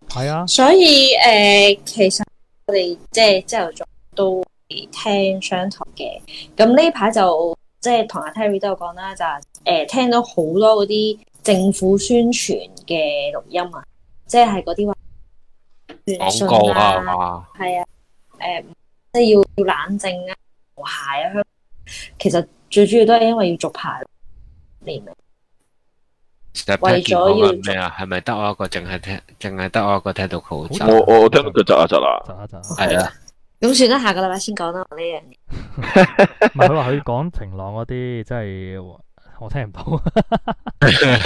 係啊，所以誒、呃，其實我哋即係朝頭早都聽商台嘅，咁呢排就即係同阿 Terry 都有講啦，就係誒聽到好多嗰啲政府宣傳。嘅錄音啊，即係嗰啲話廣告啊，係啊，誒，即係要要冷靜啊，無牌啊，香，其實最主要都係因為要續牌年尾，為咗要續啊，係咪得我一個淨係聽，淨係得我一個聽到好，我我聽到佢窒一窒啦，係啊，咁算啦，下個禮拜先講啦，呢樣嘢，唔係佢話佢講晴朗嗰啲，即係。我聽唔到。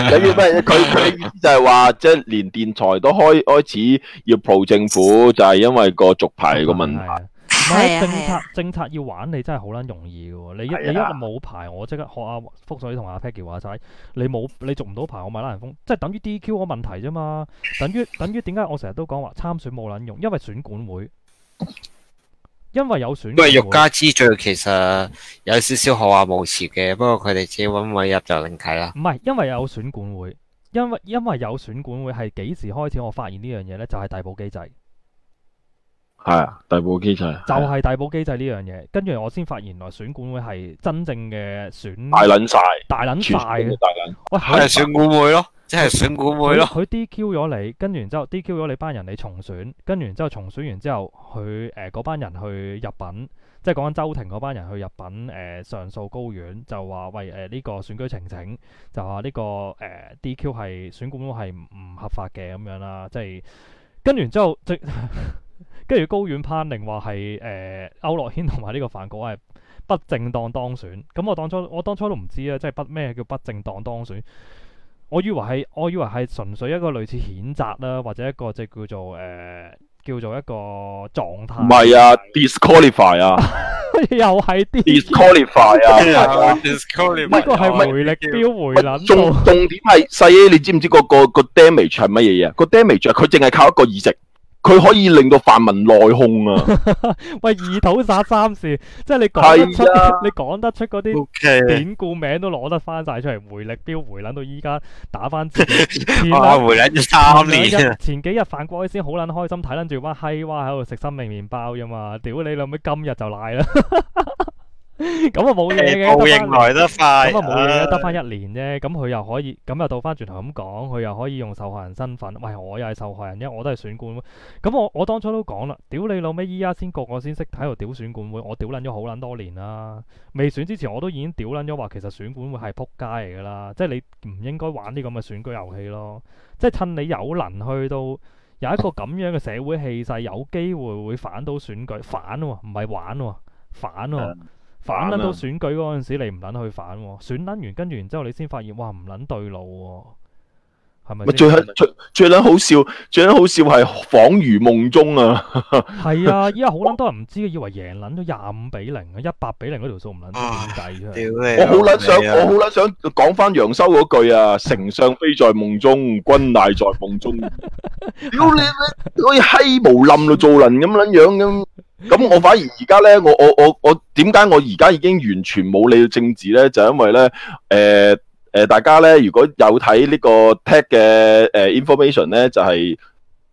等於咩？佢佢意思就係話，即係連電台都開開始要蒲政府，就係因為個續牌個問題是是。係啊，政策政策要玩你真係好撚容易嘅。你一你一冇牌，我即刻學阿、啊、福水同阿 Peggy 話齋，你冇你續唔到牌，我咪拉人封，即係等於 DQ 個問題啫嘛。等於等於點解我成日都講話參選冇撚用，因為選管會。因為有選，因為欲加之罪，其實有少少毫牙無恥嘅，不過佢哋只揾米入就令契啦。唔係，因為有選管會，因為因為有選管會係幾時開始我發現呢樣嘢呢，就係、是、遞補機制，係啊，遞補機制就係遞補機制呢樣嘢，跟住我先發現，原來選管會係真正嘅選大撚曬，大撚曬大撚喂係、啊、選管會咯。即係選管會咯，佢 DQ 咗你，跟完之後 DQ 咗你班人，你重選，跟完之後重選完之後，佢誒嗰班人去入禀，即係講緊周庭嗰班人去入禀，誒、呃、上訴高院就話喂，誒、呃、呢、這個選舉呈請就話呢、這個誒、呃、DQ 係選管會係唔合法嘅咁樣啦，即係跟完之後，跟跟住高院判定話係誒區諾軒同埋呢個范國係不正當當選，咁我當初我當初都唔知啊，即係不咩叫不正當當當選？我以為係，我以為係純粹一個類似譴責啦，或者一個即係叫做誒、呃，叫做一個狀態。唔係啊 disqualify 啊，又係 disqualify 啊，呢個係回力標回撚到。重點係細 A， <laughs> 你知唔知、那個個 damage 係乜嘢啊？個 damage 佢淨係靠一個議席。佢可以令到泛民內訌啊！ <laughs> 喂，二桃殺三士，即係你講得出，啊、你講得出嗰啲典故名都攞得翻晒出嚟，回力標回捻到依家打翻自己，前日回捻咗、啊、三年，前幾日犯過嚟先好捻開心睇捻住班閪娃喺度食生命麵包咋嘛？屌你老味，今日就賴啦！ <laughs> 咁啊冇嘢嘅，報應 <laughs> 來得快 <laughs> 就，咁啊冇嘢嘅，得翻一年啫。咁佢 <laughs> 又可以，咁又倒翻轉頭咁講，佢又可以用受害人身份。喂，我又係受害人，因為我都係選管咁。我我當初都講啦，屌你老味，依家先個個先識喺度屌選管會，我屌捻咗好捻多年啦。未選之前我都已經屌捻咗話，其實選管會係撲街嚟噶啦，即係你唔應該玩啲咁嘅選舉遊戲咯。即係趁你有能去到有一個咁樣嘅社會氣勢，有機會會反到選舉反喎，唔係玩喎，反喎、啊。反撚到選舉嗰陣時，你唔撚去反喎。選撚完跟住，然之後你先發現，哇，唔撚對路喎。係咪？最撚最最撚好笑，最撚好笑係恍如夢中啊！係 <laughs> 啊，依家好撚多人唔知，以為贏撚咗廿五比零、一百比零嗰條數唔撚點計？我好撚想，想，我好撚想講翻楊修嗰句啊：「丞相非在夢中，君乃在夢中。 <laughs> 」屌你， <laughs> 好似閪無冧到做人咁撚樣咁。咁我反而而家咧，我我我我點解我而家已經完全冇理政治咧？就因為咧，誒、呃、誒、呃，大家咧，如果有睇呢個 Tech 嘅誒、呃、information 咧，就係、是、誒、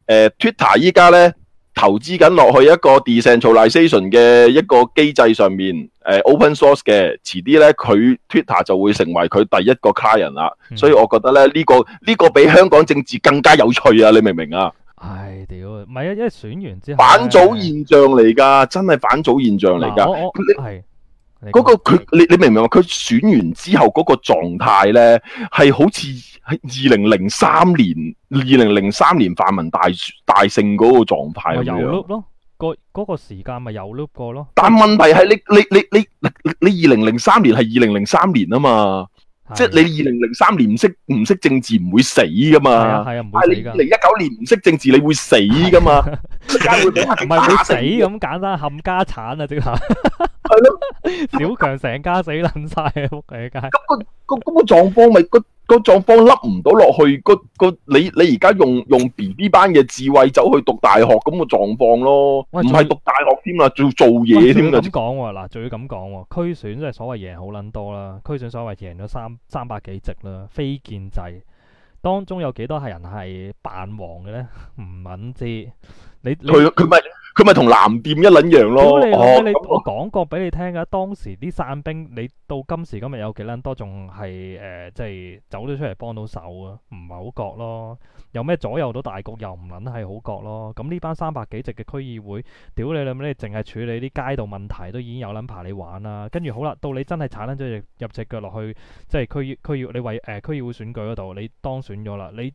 呃、Twitter 依家咧投資緊落去一個 decentralization 嘅一個機制上面，誒、呃、open source 嘅，遲啲咧佢 Twitter 就會成為佢第一個 client 啦。嗯、所以我覺得咧呢、這個呢、這個比香港政治更加有趣啊！你明唔明啊？唉，屌，唔係啊，因為選完之後反祖現象嚟噶，真係反祖現象嚟噶。係嗰個佢，你你明唔明啊？佢選完之後嗰個狀態咧，係好似喺二零零三年，二零零三年泛民大大勝嗰個狀態咁樣咯。嗰、嗰個時間咪有碌過咯。但問題係你你你你你二零零三年係二零零三年啊嘛。即係你二零零三年唔識唔識政治唔會死噶嘛，係啊係啊，但係你二零一九年唔識政治你會死噶嘛，唔係會俾人打死咁簡單，冚家鏟啊，即係係咯，小強成家死撚晒，仆街。咁個咁咁個狀況咪個，個狀況凹唔到落去。個個，你你而家用用 B B 班嘅智慧走去讀大學咁嘅狀況咯，唔係讀大學添仲要做嘢添啊！咁講喎，嗱，仲要咁講喎，區選即係所謂贏好捻多啦，區選所謂贏咗三三百幾席啦，非建制當中有幾多係人係扮王嘅咧？唔敏志，你佢佢唔佢咪同藍店一撚樣咯？嗯、你，你我講過俾你聽嘅，當時啲散兵，你到今時今日有幾撚多，仲係誒，即係走咗出嚟幫到手啊？唔係好覺咯。有咩左右到大局，又唔撚係好覺咯。咁、嗯、呢班三百幾席嘅區議會，屌你啦！你淨係處理啲街道問題，都已經有撚排你玩啦。跟住好啦，到你真係踩撚咗隻入隻腳落去，即係區議區議，你為誒、呃、區議會選舉嗰度，你當選咗啦，你。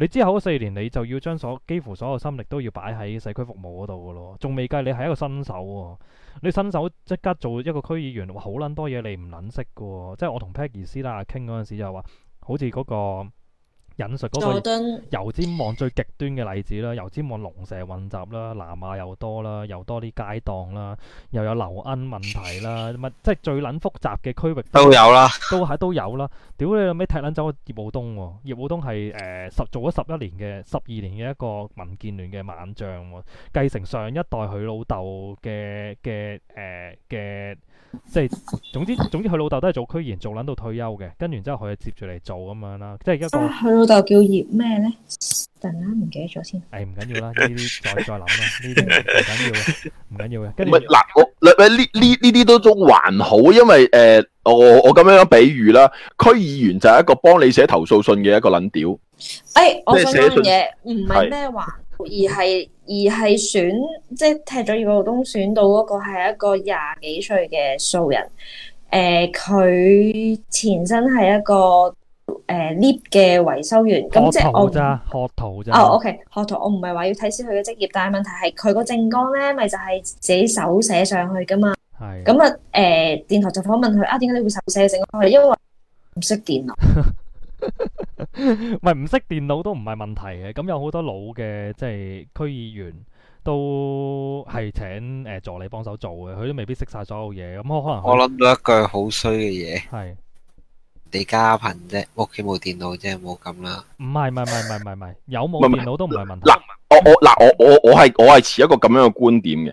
你之後四年，你就要將所幾乎所有心力都要擺喺社區服務嗰度嘅咯，仲未計你係一個新手喎、哦。你新手即刻做一個區議員，好撚多嘢你唔撚識嘅喎、哦。即係我同 Peggy 師奶傾嗰陣時就話，好似嗰、嗰個。引述嗰個油尖旺最極端嘅例子啦，油尖旺龍蛇混雜啦，南亞又多啦，又多啲街檔啦，又有流鶯問題啦，咪 <laughs> 即係最撚複雜嘅區域都，都有啦，都係都有啦。屌你後尾踢撚走葉傲冬喎、哦，葉傲冬係誒十做咗十一年嘅十二年嘅一個民建聯嘅猛將喎、哦，繼承上一代佢老豆嘅嘅誒嘅。即係總之總之佢老豆都係做區議員做捻到退休嘅，跟完之後佢就接住嚟做咁樣、哎、啦，即係而家講。佢老豆叫葉咩咧？等下唔記得咗先。誒唔緊要啦，呢啲，再再諗啦，呢啲唔緊要嘅，唔緊要嘅。跟住嗱，我，呢呢呢啲都都還好，因為誒、呃、我我咁樣樣比喻啦，區議員就係一個幫你寫投訴信嘅一個捻屌。誒、哎，我想講嘢，唔係咩話。而係而係選即係踢咗二號東選到嗰個係一個廿幾歲嘅素人，誒、呃、佢前身係一個誒 lift 嘅維修員，咁即係學徒咋，學徒咋？哦，OK，學徒，我唔係話要睇先睇小佢嘅職業，但係問題係佢個政綱咧，咪就係自己手寫上去噶嘛，係咁啊？誒、呃，電台就訪問佢啊，點解你會手寫嘅政綱？因為唔識電腦。 <laughs> 唔係唔識電腦都唔係問題嘅，咁有好多老嘅，即係區議員都係請誒助理幫手做嘅，佢都未必識晒所有嘢，咁我可能我諗到一句好衰嘅嘢，係是你家貧啫，屋企冇電腦啫，冇咁啦。唔係唔係唔係唔係唔係，有冇電腦都唔係問題。嗱我我嗱我我我係我係持一個咁樣嘅觀點嘅，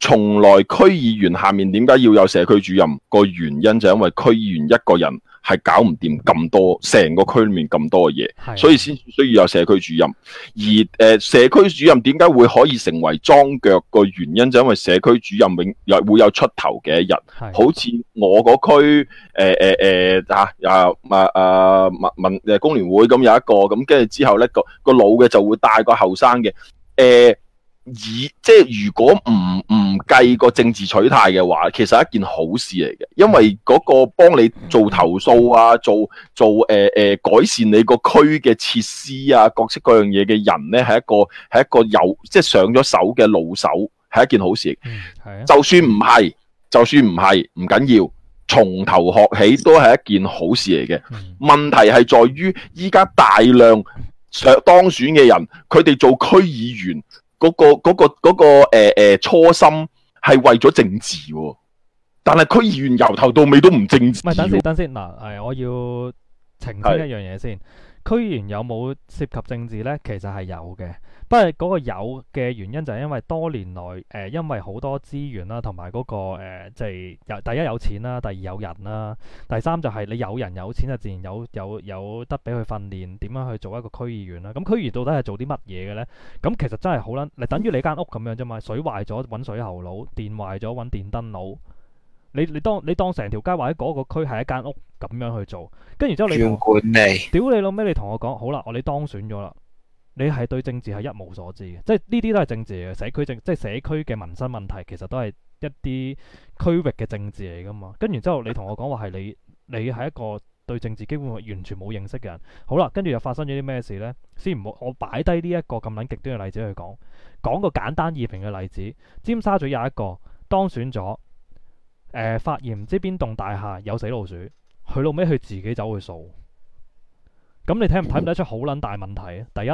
從來區議員下面點解要有社區主任？個原因就因為區議員一個人。係搞唔掂咁多，成個區裏面咁多嘅嘢，的所以先需要有社區主任。而誒、呃、社區主任點解會可以成為樁腳個原因，就是、因為社區主任永又會有出頭嘅一日。的好似我嗰區誒誒誒啊啊啊民民工聯會咁有一個咁，跟住之後咧個個老嘅就會帶個後生嘅誒。呃以即係如果唔唔計個政治取態嘅話，其實係一件好事嚟嘅，因為嗰個幫你做投訴啊，做做誒誒、呃呃、改善你個區嘅設施啊，各式各樣嘢嘅人咧，係一個係一個有即係上咗手嘅老手，係一件好事、嗯啊就。就算唔係，就算唔係唔緊要，從頭學起都係一件好事嚟嘅。嗯、問題係在於依家大量上當選嘅人，佢哋做區議員。嗰、嗰個、嗰個、嗰個誒誒、欸欸、初心係為咗政治，但係區議員由頭到尾都唔政治。唔係等先，等先嗱，係我要澄清一樣嘢先。區議員有冇涉及政治咧？其實係有嘅。不過嗰個有嘅原因就係因為多年來誒、呃，因為好多資源啦、啊，同埋嗰個誒，即、呃、係、就是、第一有錢啦、啊，第二有人啦、啊，第三就係你有人有錢就自然有有有得俾佢訓練點樣去做一個區議員啦、啊。咁、嗯、區議員到底係做啲乜嘢嘅呢？咁、嗯、其實真係好啦，你等於你間屋咁樣啫嘛。水壞咗揾水喉佬，電壞咗揾電燈佬。你你當你當成條街或者嗰個區係一間屋咁樣去做，跟住之後你管屌你老味，你同我講好啦，我你當選咗啦。你係對政治係一無所知嘅，即係呢啲都係政治嚟嘅，社區政，即係社區嘅民生問題，其實都係一啲區域嘅政治嚟㗎嘛。跟住之後，你同我講話係你，你係一個對政治基本上完全冇認識嘅人。好啦，跟住又發生咗啲咩事呢？先唔好，我擺低呢一個咁撚極端嘅例子去講，講個簡單易評嘅例子。尖沙咀有一個當選咗，誒、呃、發現唔知邊棟大廈有死老鼠，佢老尾佢自己走去掃。咁、嗯、你睇唔睇唔得出好撚大問題啊？第一，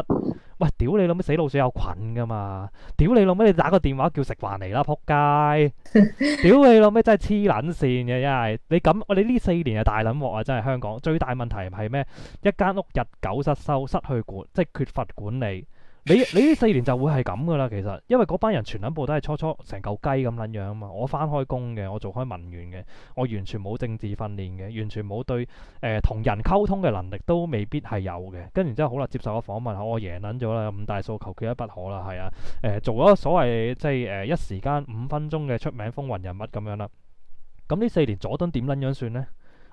喂，屌你老味死老鼠有菌㗎嘛？屌你老味，你打個電話叫食環嚟啦，撲街！ <laughs> 屌你老味，真係黐撚線嘅，真係你咁我哋呢四年係大撚鑊啊！真係香港最大問題係咩？一間屋日久失修，失去管，即係缺乏管理。你你呢四年就會係咁噶啦。其實因為嗰班人全捻部都係初初成嚿雞咁捻樣啊嘛。我翻開工嘅，我做開文員嘅，我完全冇政治訓練嘅，完全冇對誒同、呃、人溝通嘅能力都未必係有嘅。跟然之後好啦，接受個訪問，我贏捻咗啦，五大數求其一不可啦。係啊，誒、呃、做咗所謂即係誒、呃、一時間五分鐘嘅出名風雲人物咁樣啦。咁呢四年佐敦點捻樣算呢？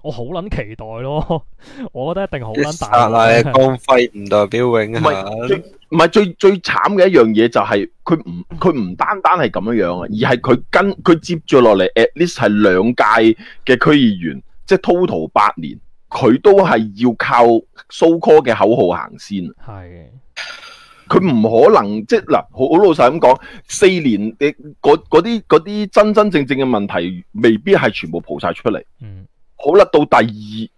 我好撚期待咯，我覺得一定好撚大嘅。一殺啦，光輝唔代表永恆。唔係 <laughs> 最，唔係最最慘嘅一樣嘢，就係佢唔佢唔單單係咁樣樣啊，而係佢跟佢接住落嚟 at least 係兩屆嘅區議員，即係 total 八年，佢都係要靠 so call 嘅口號行先。係的，佢唔可能即嗱，好好老實咁講，四年嘅嗰啲啲真真正正嘅問題，未必係全部蒲晒出嚟。嗯。好啦，到第二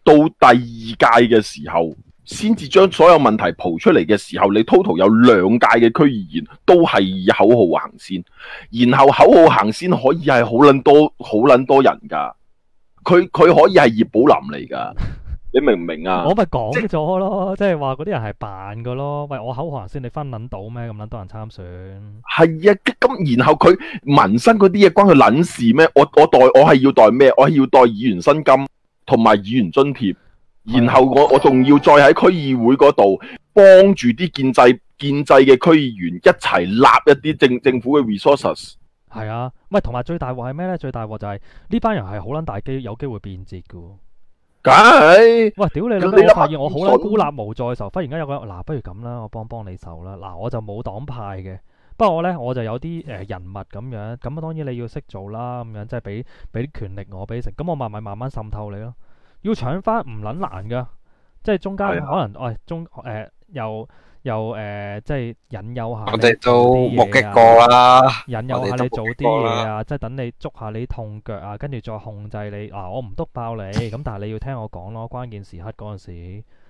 到第二屆嘅時候，先至將所有問題蒲出嚟嘅時候，你 total 有兩屆嘅區議員都係以口號行先，然後口號行先可以係好捻多好捻多人噶，佢佢可以係葉寶林嚟噶。你明唔明啊？我咪講咗咯，即係話嗰啲人係扮噶咯。喂，我口紅先，你分捻到咩？咁捻多人參選？係啊，咁然後佢民生嗰啲嘢關佢捻事咩？我我代我係要代咩？我係要代議員薪金同埋議員津貼。啊、然後我我仲要再喺區議會嗰度幫住啲建制建制嘅區議員一齊立一啲政政府嘅 resources。係啊，喂，同埋最大鑊係咩咧？最大鑊就係呢班人係好捻大機，有機會變節噶。梗係喂，屌你！咁我發現我好啦，孤立無援嘅時候，忽然間有個嗱、啊，不如咁啦，我幫幫你受啦。嗱、啊，我就冇黨派嘅，不過我呢，我就有啲誒、呃、人物咁樣，咁啊當然你要識做啦，咁樣即係俾俾啲權力我俾成，咁我慢慢慢慢滲透你咯。要搶翻，唔撚難噶，即係中間可能喂的、哎、中誒、呃、又。又誒、呃，即係引誘下，我哋都目擊過啦。引誘下你做啲嘢啊，即係等你捉下你痛腳啊，跟住再控制你。嗱、啊，我唔督爆你，咁 <laughs> 但係你要聽我講咯。關鍵時刻嗰陣時，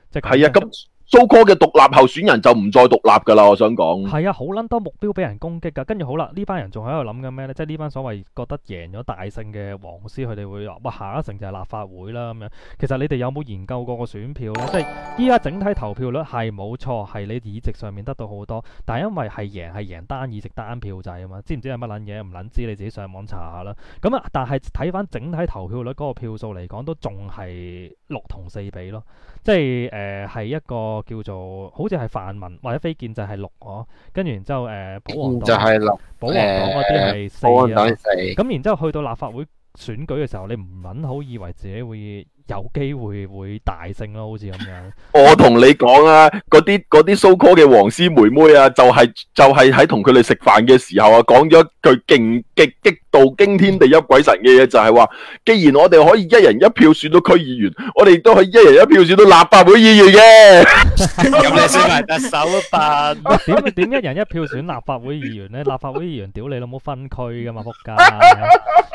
即係啊，呀在今。蘇哥嘅獨立候選人就唔再獨立噶啦，我想講係啊，好撚多目標俾人攻擊噶，跟住好啦，呢班人仲喺度諗緊咩呢？即係呢班所謂覺得贏咗大勝嘅黃絲，佢哋會話，哇，下一城就係立法會啦咁樣。其實你哋有冇研究過個選票咧？即係依家整體投票率係冇錯，係你議席上面得到好多，但係因為係贏係贏單議席單票制啊嘛，知唔知係乜撚嘢？唔撚知你自己上網查下啦。咁啊，但係睇翻整體投票率嗰個票數嚟講，都仲係六同四比咯，即係誒係一個。叫做好似係泛民或者非建制係六嗬，跟住然之後誒、呃、保皇黨，就係是六、呃，保皇黨嗰啲係四啊，四咁然之後去到立法會選舉嘅時候，你唔揾好以為自己會。有機會會大勝咯，好似咁樣。我同你講啊，嗰啲嗰啲 so call 嘅黃絲妹妹啊，就係、是、就係喺同佢哋食飯嘅時候啊，講咗一句勁極極到驚天，天地泣鬼神嘅嘢，就係話，既然我哋可以一人一票選到區議員，我哋都可以一人一票選到立法會議員嘅。咁你先係特首啊？笨點、嗯哎哎、一人一票選立法會議員呢？立法會議員屌你老母分區噶嘛？撲街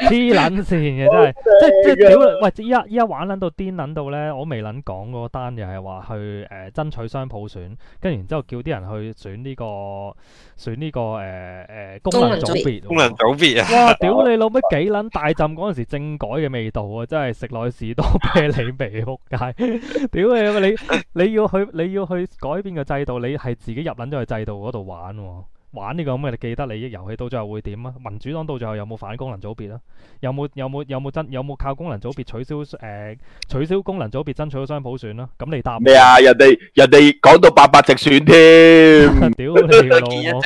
黐撚線嘅真係，即即屌喂！依家依家玩撚到～癲捻到咧，我未捻講嗰單，又係話去誒爭取雙普選，跟然之後叫啲人去選呢、這個選呢、這個誒誒功能組別，功能組別啊！別哇， <laughs> 屌你老乜幾捻大浸嗰陣時政改嘅味道啊！真係食內士多啤梨味扑街， <laughs> <laughs> 屌你你你要去你要去改變個制度，你係自己入捻咗去制度嗰度玩。玩呢個咁嘅記得利益遊戲，到最後會點啊？民主黨到最後有冇反功能組別啊？有冇有冇有冇爭有冇靠功能組別取消誒取消功能組別爭取咗雙普選啦？咁你答咩啊？人哋人哋講到八百直選添，屌你老母！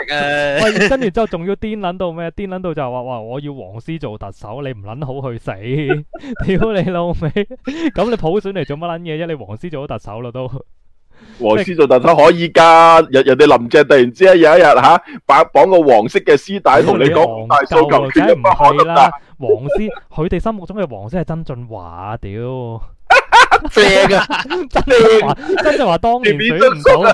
跟住之後仲要癲撚到咩？癲撚到就係話哇，我要黃絲做特首，你唔撚好去死！屌你老味！咁你普選嚟做乜撚嘢？啫你黃絲做咗特首啦都。黃絲就特登可以噶，人人哋林鄭突然之間有一日吓，綁、啊、綁個黃色嘅絲帶同你講大收舊圈，唔可得啦。黃絲，佢哋 <laughs> 心目中嘅黃絲係曾俊華屌。借噶， <laughs> 真係話，會真係話當年選唔到，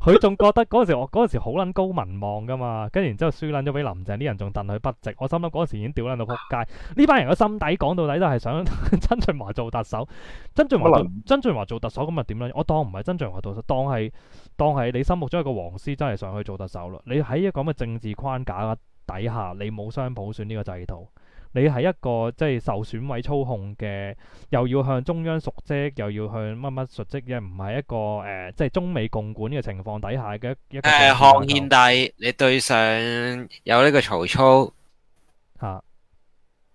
佢仲覺得嗰陣時我嗰陣時好捻高民望噶嘛，跟然之後輸捻咗俾林鄭啲人仲戥佢不值，我心諗嗰陣時已經屌捻到仆街。呢班 <laughs> 人個心底講到底都係想曾俊華做特首，曾俊華曾俊華做特首咁咪點咧？我當唔係曾俊華做特首，能特首當係當係你心目中一個黃絲真係想去做特首咯。你喺一個咁嘅政治框架底下，你冇雙普選呢個制度。你係一個即係受選委操控嘅，又要向中央述職，又要向乜乜述職，嘅唔係一個誒、呃，即係中美共管嘅情況底下嘅一一個。誒、呃，漢獻帝，你對上有呢個曹操。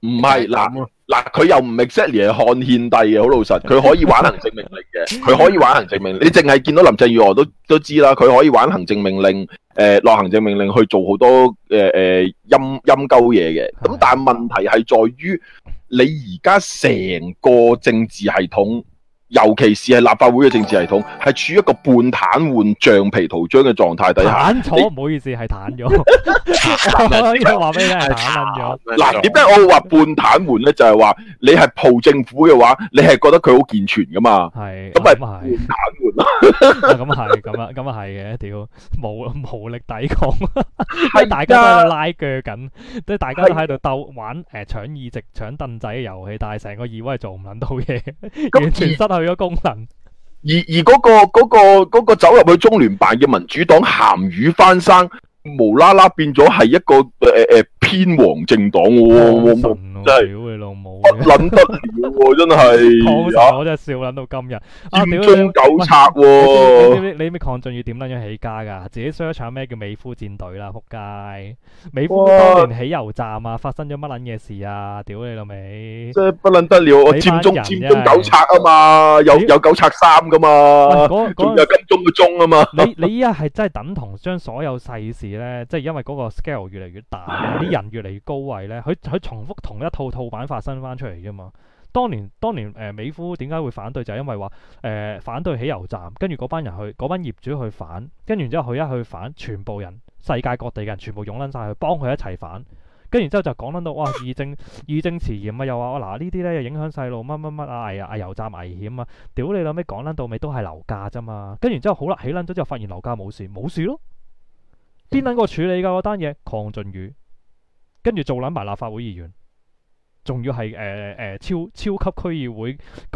唔係，嗱嗱，佢又唔係 exactly 係漢獻帝嘅，好老實。佢可以玩行政命令嘅，佢 <laughs> 可以玩行政命令。你淨係見到林鄭月娥都都知啦，佢可以玩行政命令，誒、呃、落行政命令去做好多誒誒陰陰鳩嘢嘅。咁、呃、但係問題係在於，你而家成個政治系統。尤其是係立法會嘅政治系統，係處於一個半癱瘓橡皮圖章嘅狀態底下。癱咗唔好意思，係癱咗。所以話俾你聽，癱咗。嗱，點解我會話半癱瘓咧？就係、是、話你係抱政府嘅話，你係覺得佢好健全噶嘛？係是。咁 <laughs> 啊，係、嗯。半癱瘓咁啊，咁啊，咁、嗯、啊，係嘅。屌，無無力抵抗，係 <laughs> 大家都喺度拉鋸緊，都的大家都喺度鬥玩誒搶議席、搶凳仔嘅遊戲，但係成個議會做唔撚到嘢，完全失去。佢嘅功能，而而、嗰、嗰個嗰、嗰個嗰個、走入去中聯辦嘅民主黨鹹魚翻生，無啦啦變咗係一個誒誒、呃呃、偏黃政黨喎、哦哦哦嗯。嗯。真係屌你老母，不捻得了喎！真係，我真係笑捻到今日，佔中狗拆喎！你你抗爭要點撚樣起家㗎？自己 search 下咩叫美孚戰隊啦，撲街！美孚當年起油站啊，發生咗乜撚嘢事啊？屌你老味！即係不捻得了，佔中佔中狗拆啊嘛，有有狗拆衫㗎嘛，又跟蹤個鐘啊嘛！你你依家係真係等同將所有細事咧，即係因為嗰個 scale 越嚟越大，啲人越嚟越高位咧，佢佢重複同一，套套版，發生翻出嚟啫嘛。當年當年誒、呃，美孚點解會反對就係、是、因為話誒、呃、反對起油站，跟住嗰班人去嗰班業主去反，跟住然之後佢一去反，全部人世界各地嘅人全部湧撚晒去幫佢一齊反，跟住然之後就講撚到哇，義正義正詞嚴啊，又話我嗱呢啲呢又影響細路乜乜乜啊，呀啊，啊油站危險啊，屌你諗咩講撚到尾都係樓價啫嘛。跟住之後好啦，起撚咗之後發現樓價冇事冇事咯，邊撚個處理噶嗰單嘢鄺俊宇，跟住做撚埋立法會議員。仲要係誒誒超超級區議會、 <laughs>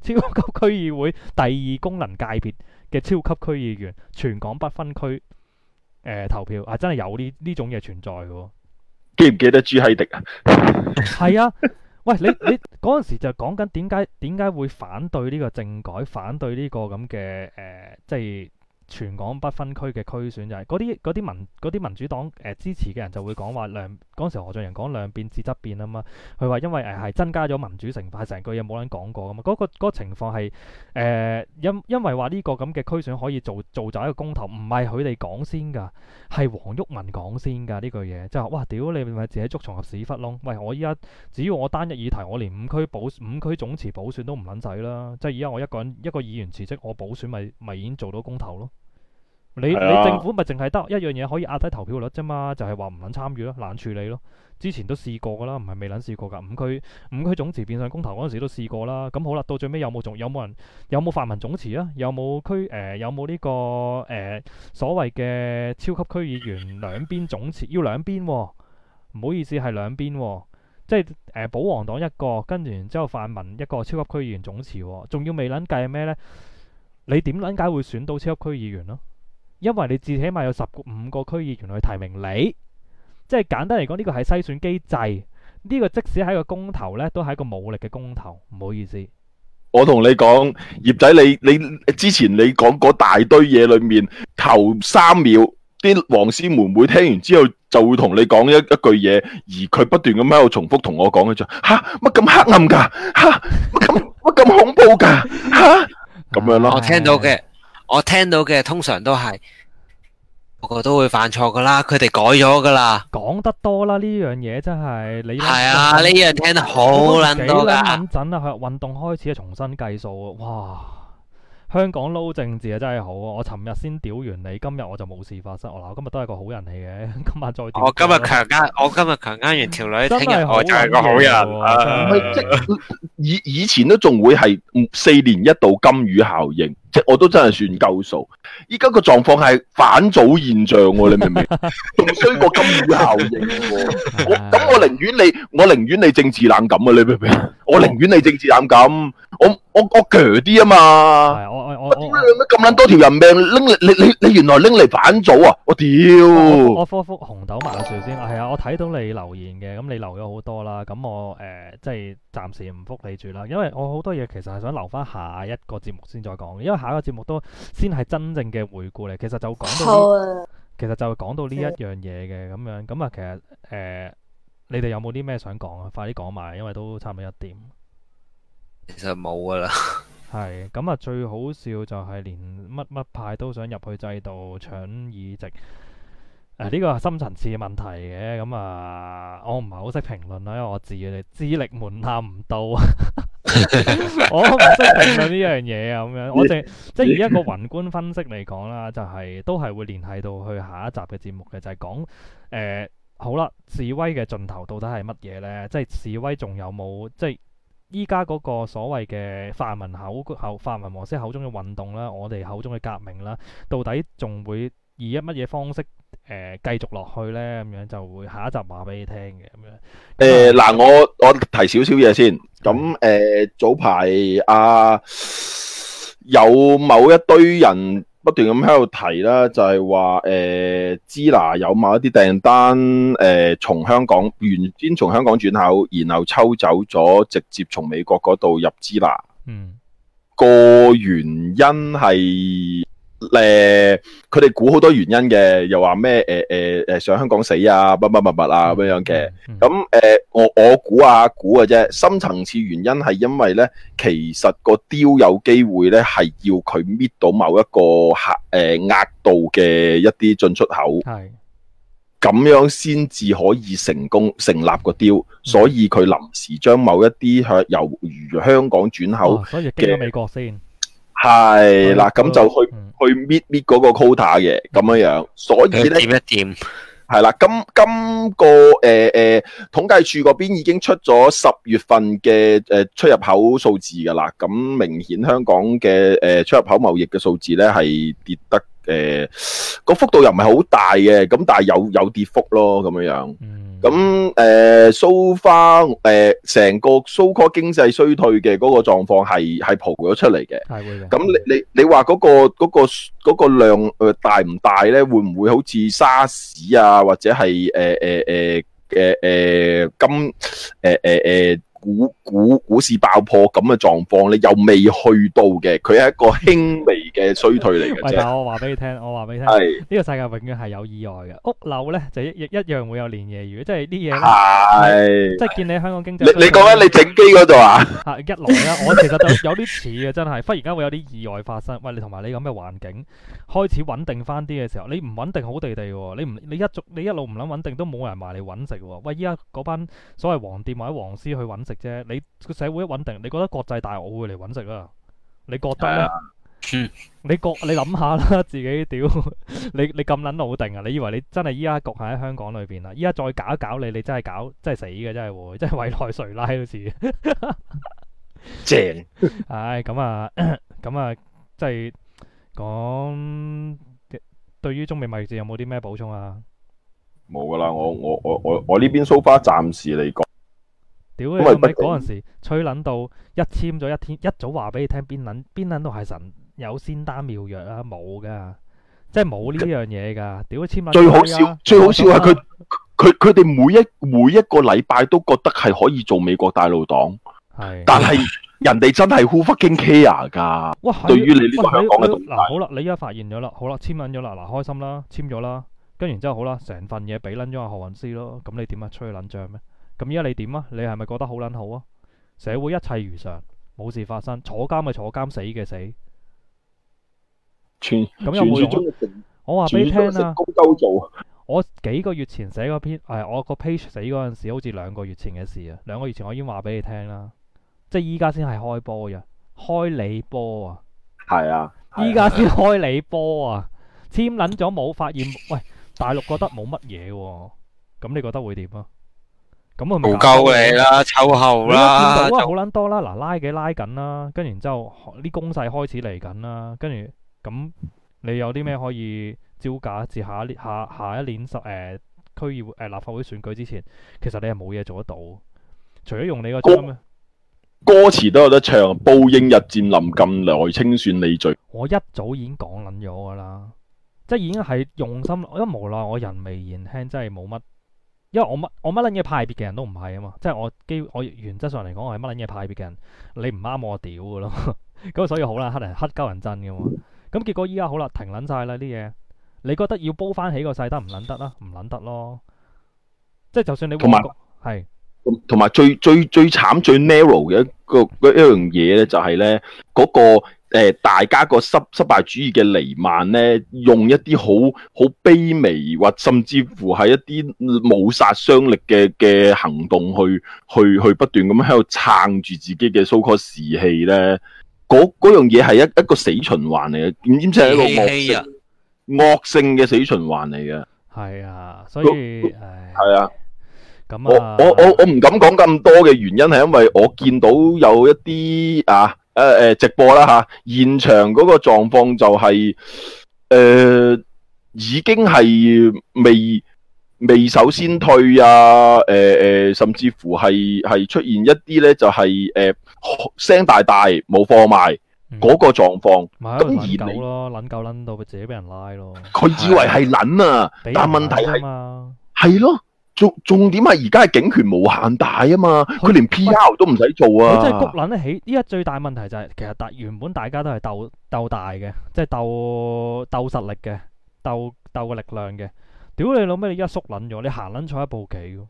超級區議會第二功能界別嘅超級區議員，全港不分區誒、呃、投票啊！真係有呢呢種嘢存在嘅喎。記唔記得朱希迪啊？係 <laughs> <laughs> 啊，喂，你你嗰陣時就講緊點解點解會反對呢個政改，反對呢個咁嘅誒，即係。全港不分區嘅區選就係嗰啲啲民啲民主黨誒、呃、支持嘅人就會講話量，嗰陣時何俊仁講量變至質變啊嘛，佢話因為誒係、呃、增加咗民主成分，成句嘢冇人講過啊。嗰、那個嗰、那個情況係誒、呃、因因為話呢個咁嘅區選可以做做就一個公投，唔係佢哋講先㗎，係黃毓民講先㗎呢句嘢，就係、是、哇屌你咪自己捉蟲入屎忽窿，喂我依家只要我單一議題，我連五區補五區總辭補選都唔撚使啦，即係依家我一個人一個議員辭職，我補選咪咪已經做到公投咯。.你你政府咪淨係得一樣嘢可以壓低投票率啫嘛？就係話唔捻參與咯，懶處理咯。之前都試過噶啦，唔係未捻試過噶。五區五區總辭變相公投嗰陣時都試過啦。咁好啦，到最尾有冇仲有冇人有冇泛民總辭啊？有冇區誒、呃？有冇呢、這個誒、呃、所謂嘅超級區議員兩邊總辭要兩邊唔、哦、好意思係兩邊、哦，即係誒、呃、保皇黨一個跟住然之後泛民一個超級區議員總辭、哦，仲要未捻計係咩呢？你點捻解會選到超級區議員咯？因為你至少起碼有十五個區議員去提名你，即係簡單嚟講呢個係篩選機制，呢個即使喺個公投呢，都係一個武力嘅公投。唔好意思，我同你講，葉仔，你你之前你講嗰大堆嘢裏面頭三秒，啲黃絲妹妹聽完之後就會同你講一一句嘢，而佢不斷咁喺度重複同我講嘅就吓乜咁黑暗噶吓乜咁乜咁恐怖噶吓咁樣咯我。我聽到嘅，我聽到嘅通常都係。個個都會犯錯噶啦，佢哋改咗噶啦。講得多啦，呢樣嘢真係你係啊，呢樣聽得好捻多噶。幾捻準啊！運動開始啊，重新計數啊！哇，香港撈政治啊，真係好。我尋日先屌完你，今日我就冇事發生。我嗱，我今日都係個好人嚟嘅。今日再屌我今日強姦，我今日強姦完條女，聽日我就係個好人。唔係，即係以以前都仲會係四年一度金魚效應。我都真係算夠數，依家個狀況係返祖現象喎，你明唔明？仲衰過金魚效應喎，咁我寧願你，我寧願你政治冷感啊，你明唔明？我寧願你政治冷感，我我我鋸啲啊嘛，我我我點解咁撚多條人命拎嚟？你你你原來拎嚟返祖啊？我屌！我科覆紅豆麻薯先，係啊，我睇到你留言嘅，咁你留咗好多啦，咁我誒即係暫時唔覆你住啦，因為我好多嘢其實係想留翻下一個節目先再講，因為。打個節目都先係真正嘅回顧嚟，其實就講到呢，其實就講到呢一樣嘢嘅咁樣，咁啊其實誒，你哋有冇啲咩想講啊？快啲講埋，因為都差唔多一點。其實冇㗎喇。係， <laughs> 咁啊最好笑就係連乜乜派都想入去制度搶議席。誒，呢、啊，這個係深層次嘅問題嘅，咁、嗯、啊，我唔係好識評論啦，因為我自己資歷門檻唔到，我唔識評論呢樣嘢啊。咁樣我哋即係以一個宏觀分析嚟講啦，就係、是、都係會聯繫到去下一集嘅節目嘅，就係講誒好啦，示威嘅盡頭到底係乜嘢呢？即係示威仲有冇即係依家嗰個所謂嘅泛民口口泛民模式口中嘅運動啦，我哋口中嘅革命啦，到底仲會以一乜嘢方式？誒，繼續落去呢，咁樣就會下一集話俾你聽嘅，咁樣。誒，嗱，我我提少少嘢先。咁，誒，早排啊，有某一堆人不斷咁喺度提啦，就係話，誒，芝拿有某一啲訂單，誒，從香港原先從香港轉口，然後抽走咗，直接從美國嗰度入芝拿。嗯。個原因係。誒，佢哋估好多原因嘅，又話咩？誒誒誒，上、呃、香港死啊，乜乜乜乜啊咁、啊、樣嘅。咁誒、嗯嗯嗯呃，我我估啊估嘅啫。深層次原因係因為咧，其實個雕有機會咧係要佢搣到某一個客誒額度嘅一啲進出口，係咁是樣先至可以成功成立個雕、嗯哦。所以佢臨時將某一啲香由如香港轉口，所以寄咗美國先。係啦，咁就去去搣搣嗰個 quota 嘅，咁樣樣，所以咧，跌一跌，係啦，今今個誒誒，統計處嗰邊已經出咗十月份嘅誒出入口數字噶啦，咁明顯香港嘅誒出入口貿易嘅數字咧係跌得誒，個幅度又唔係好大嘅，咁但係有有跌幅咯，咁樣樣。咁誒，蘇花誒，成個 so-called 經濟衰退嘅嗰個狀況係係蒲咗出嚟嘅。係會，咁你你你話嗰個嗰個嗰個量誒大唔大咧？會唔會好似沙士啊，或者係誒誒誒誒誒金誒誒誒股股股市爆破咁嘅狀況？你又未去到嘅，佢係一個輕微。嘅衰退嚟嘅喂，但係我話俾你聽，我話俾你聽，呢 <laughs> 個世界永遠係有意外嘅屋樓呢，就一亦一樣會有連夜雨，即係啲嘢咧，即係 <laughs> 你見你香港經濟你很。你你講緊你整機嗰度啊？一來啊，我其實都有啲似嘅，真係忽然間會有啲意外發生。喂，你同埋你咁嘅環境開始穩定翻啲嘅時候，你唔穩定好地地喎，你唔你一做你一路唔諗穩定都冇人埋嚟揾食喎。喂，依家嗰班所謂黃店或者黃絲去揾食啫。你個社會一穩定，你覺得國際大鱷會嚟揾食啊？你覺得？ <laughs> 你覺你諗下啦，自己屌你，你咁撚老定啊！你以為你真係依家局限喺香港裏邊啊？依家再搞一搞你，你真係搞真係死嘅，真係會真係為內誰拉都似 <laughs> 正。唉、哎，咁啊，咁啊，即係講對於中美貿易戰有冇啲咩補充啊？冇噶啦，我我我我我呢邊 so far 暫時嚟講，屌你老味嗰陣時吹捻到一簽咗一天一早話俾你聽邊捻邊捻都係神。有仙丹妙藥啊，冇噶，即係冇呢樣嘢噶。屌，千最好笑最好笑係佢佢哋每一每一個禮拜都覺得係可以做美國大陸黨，但係是、啊、人哋真係呼忽驚 care 噶。是對於你呢個香港嘅獨立，好啦，你而家發現咗啦，好啦，簽穩咗啦，嗱、呃、開心啦，簽咗啦，跟完之後好啦，成份嘢俾捻咗阿何韻詩咯。咁你點啊？出去捻賬咩？咁而家你點啊？你係咪覺得好捻好啊？社會一切如常，冇事發生，坐監咪坐監，死嘅死，死。咁有冇用？我話俾你聽啊！我幾個月前寫嗰篇，誒、哎，我個 page 死嗰陣時，好似兩個月前嘅事啊。兩個月前我已經話俾你聽啦，即係依家先係開波嘅，開你波啊！係啊，依家先開你波啊！簽捻咗冇發現，喂，大陸覺得冇乜嘢，咁 <laughs> 你覺得會點啊？咁係咪冇救你啦？湊後啦！見、哎、到、啊、就好捻多啦，嗱，拉幾拉緊啦、啊，跟住之後啲攻勢開始嚟緊啦，跟住。咁你有啲咩可以招架？至下一年下下一年十誒、呃、區議會、呃、立法會選舉之前，其實你係冇嘢做得到，除咗用你個歌，歌詞都有得唱，報應日漸臨，近來清算你罪。我一早已經講撚咗㗎啦，即係已經係用心，因為無奈我人微言輕，真係冇乜，因為我乜我乜撚嘢派別嘅人都唔係啊嘛，即係我基我原則上嚟講我係乜撚嘢派別嘅人，你唔啱我屌㗎咯。咁所以好啦，黑人黑鳩人，人真㗎嘛。咁結果依家好啦，停撚晒啦啲嘢。你覺得要煲翻起個勢得唔撚得啦？唔撚得咯。即係就算你同同埋最最最慘最 narrow 嘅一個一樣嘢咧、就係，就係咧嗰個、呃、大家個失失敗主義嘅瀰漫咧，用一啲好好卑微或甚至乎係一啲冇殺傷力嘅嘅行動去去去不斷咁喺度撐住自己嘅 so-called 士氣咧。嗰嗰樣嘢係一一個死循環嚟嘅，點知即係一個惡惡性嘅 <laughs> 死循環嚟嘅。係啊，所以係係啊。咁那那我我我我唔敢講咁多嘅原因，係因為我見到有一啲啊誒誒、啊啊、直播啦吓、啊，現場嗰個狀況就係、是、誒、呃、已經係未未首先退啊、誒、啊、誒、啊，甚至乎係係出現一啲咧就係、是、誒。啊聲大大冇貨賣嗰個狀況，咁易、嗯、然到捻夠咯，捻夠捻到佢自己俾人拉咯，佢以為係捻啊，的但問題係係咯，重重點係而家係警權無限大啊嘛，佢、嗯、連 PR 都唔使做啊，真係谷捻得起，呢家最大問題就係、是、其實大原本大家都係鬥鬥大嘅，即係鬥鬥實力嘅，鬥鬥個力量嘅，屌你老咩？你一縮捻咗，你行捻坐，坐一步棋。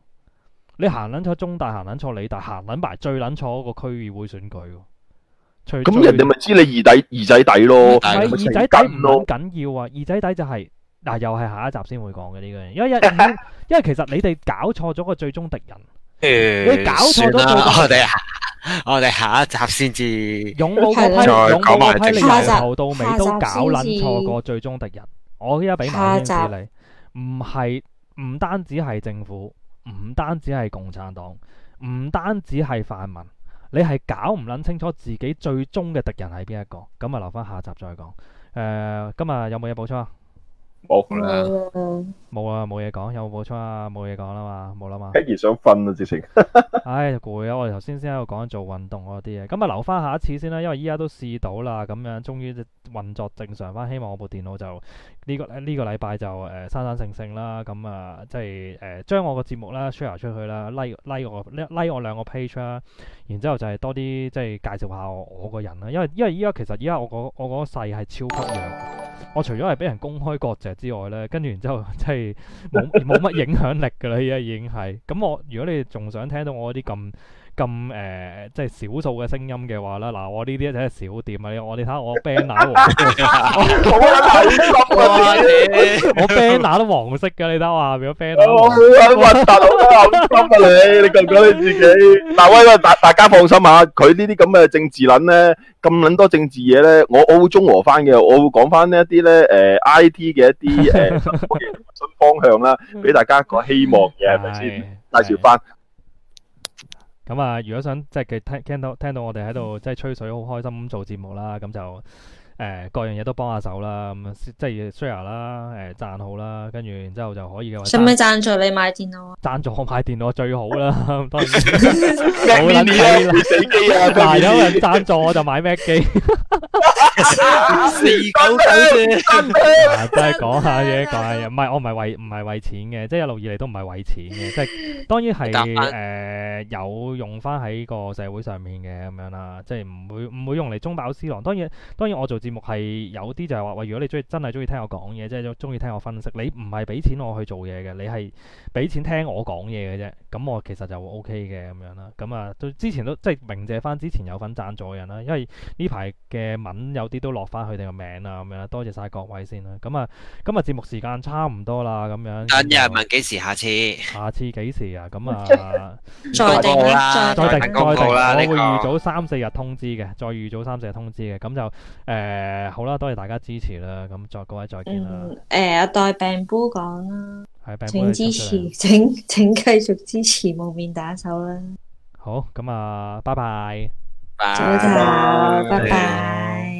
你行捻錯中大，行捻錯理大，行捻埋最捻錯嗰個區議會選舉，咁人哋咪知你二弟二仔底咯？二仔底唔好緊要啊，二仔底就係嗱，又係下一集先會講嘅呢個，因為因為其實你哋搞錯咗個最終敵人，你搞錯咗我哋我哋下一集先至。勇武嘅推勇武推由頭到尾都搞捻錯個最終敵人，我依家俾埋啲你，唔係唔單止係政府。唔單止係共產黨，唔單止係泛民，你係搞唔撚清楚自己最終嘅敵人係邊一個？咁啊，留翻下集再講。誒、呃，今日有冇嘢補充啊？冇啦，冇啦，冇嘢講，有冇補充啊？冇嘢講啦嘛，冇啦嘛。突然想瞓啊，直情。 <laughs> 唉，攰啊！我哋頭先先喺度講做運動嗰啲嘢，咁啊，留翻下一次先啦，因為依家都試到啦，咁樣終於運作正常翻，希望我部電腦就呢個呢個禮拜就誒、呃、生生性性啦，咁啊、呃、即係誒、呃、將我個節目啦 share 出去啦，like like 我 like 我兩個 page 啦，然之後就係多啲即係介紹下我個人啦，因為因為依家其實依家我我我個勢係超級弱。我除咗係俾人公開割席之外呢，跟住然之後真係冇冇乜影響力㗎啦，依家已經係。咁我如果你仲想聽到我啲咁。咁誒、呃，即係少數嘅聲音嘅話啦。嗱，我呢啲睇係少點啊！我你睇下我 banner 黃色嘅， <laughs> <laughs> <laughs> 我 banner 都黃色嘅，你睇下我下邊個 banner 都黃色。我好核突，好後心啊！你你講你自己？嗱，係喂，大大家放心下佢呢啲咁嘅政治撚咧，咁撚多政治嘢咧，我我會綜合翻嘅，我會講翻呢、呃、一啲咧誒 IT 嘅一啲誒新方向啦，俾大家一個希望嘅係咪先介紹翻？咁啊、嗯！如果想即係嘅聽聽到聽到我哋喺度即係吹水好開心咁做節目啦，咁就～誒，各樣嘢都幫下手啦，咁即係 share 啦，誒，讚好啦，跟住然之後就可以嘅。係咪讚助你買電腦？讚助我買電腦最好啦，當然，好 Mac 嗱，有人讚助我就買 Mac 機。四九九，真係講下嘢，講下嘢，唔係我唔係為唔係為錢嘅，即係一路以嚟都唔係為錢嘅，即係當然係誒有用翻喺個社會上面嘅咁樣啦，即係唔會唔會用嚟中飽私囊。當然，當然我做。節目係有啲就係話喂，如果你中意真係中意聽我講嘢，即係中意聽我分析，你唔係俾錢我去做嘢嘅，你係俾錢聽我講嘢嘅啫。咁我其實就 OK 嘅咁樣啦。咁啊，都之前都即係鳴謝翻之前有份贊助嘅人啦。因為呢排嘅文有啲都落翻佢哋個名啦咁樣，多謝晒各位先啦。咁啊，今日節目時間差唔多啦，咁樣。今日問幾時下次？下次幾時啊？咁啊，再定啦，再定，再定啦。我會預早三四日通知嘅，再預早三四日通知嘅，咁就誒。誒，好啦，嗯，多謝大家支持啦，咁再各位再見啦。誒，我代病夫講啦，請支持，請請繼續支持無面打手啦。好，咁，嗯，啊，拜拜。早唞次，Bye 拜拜。拜拜。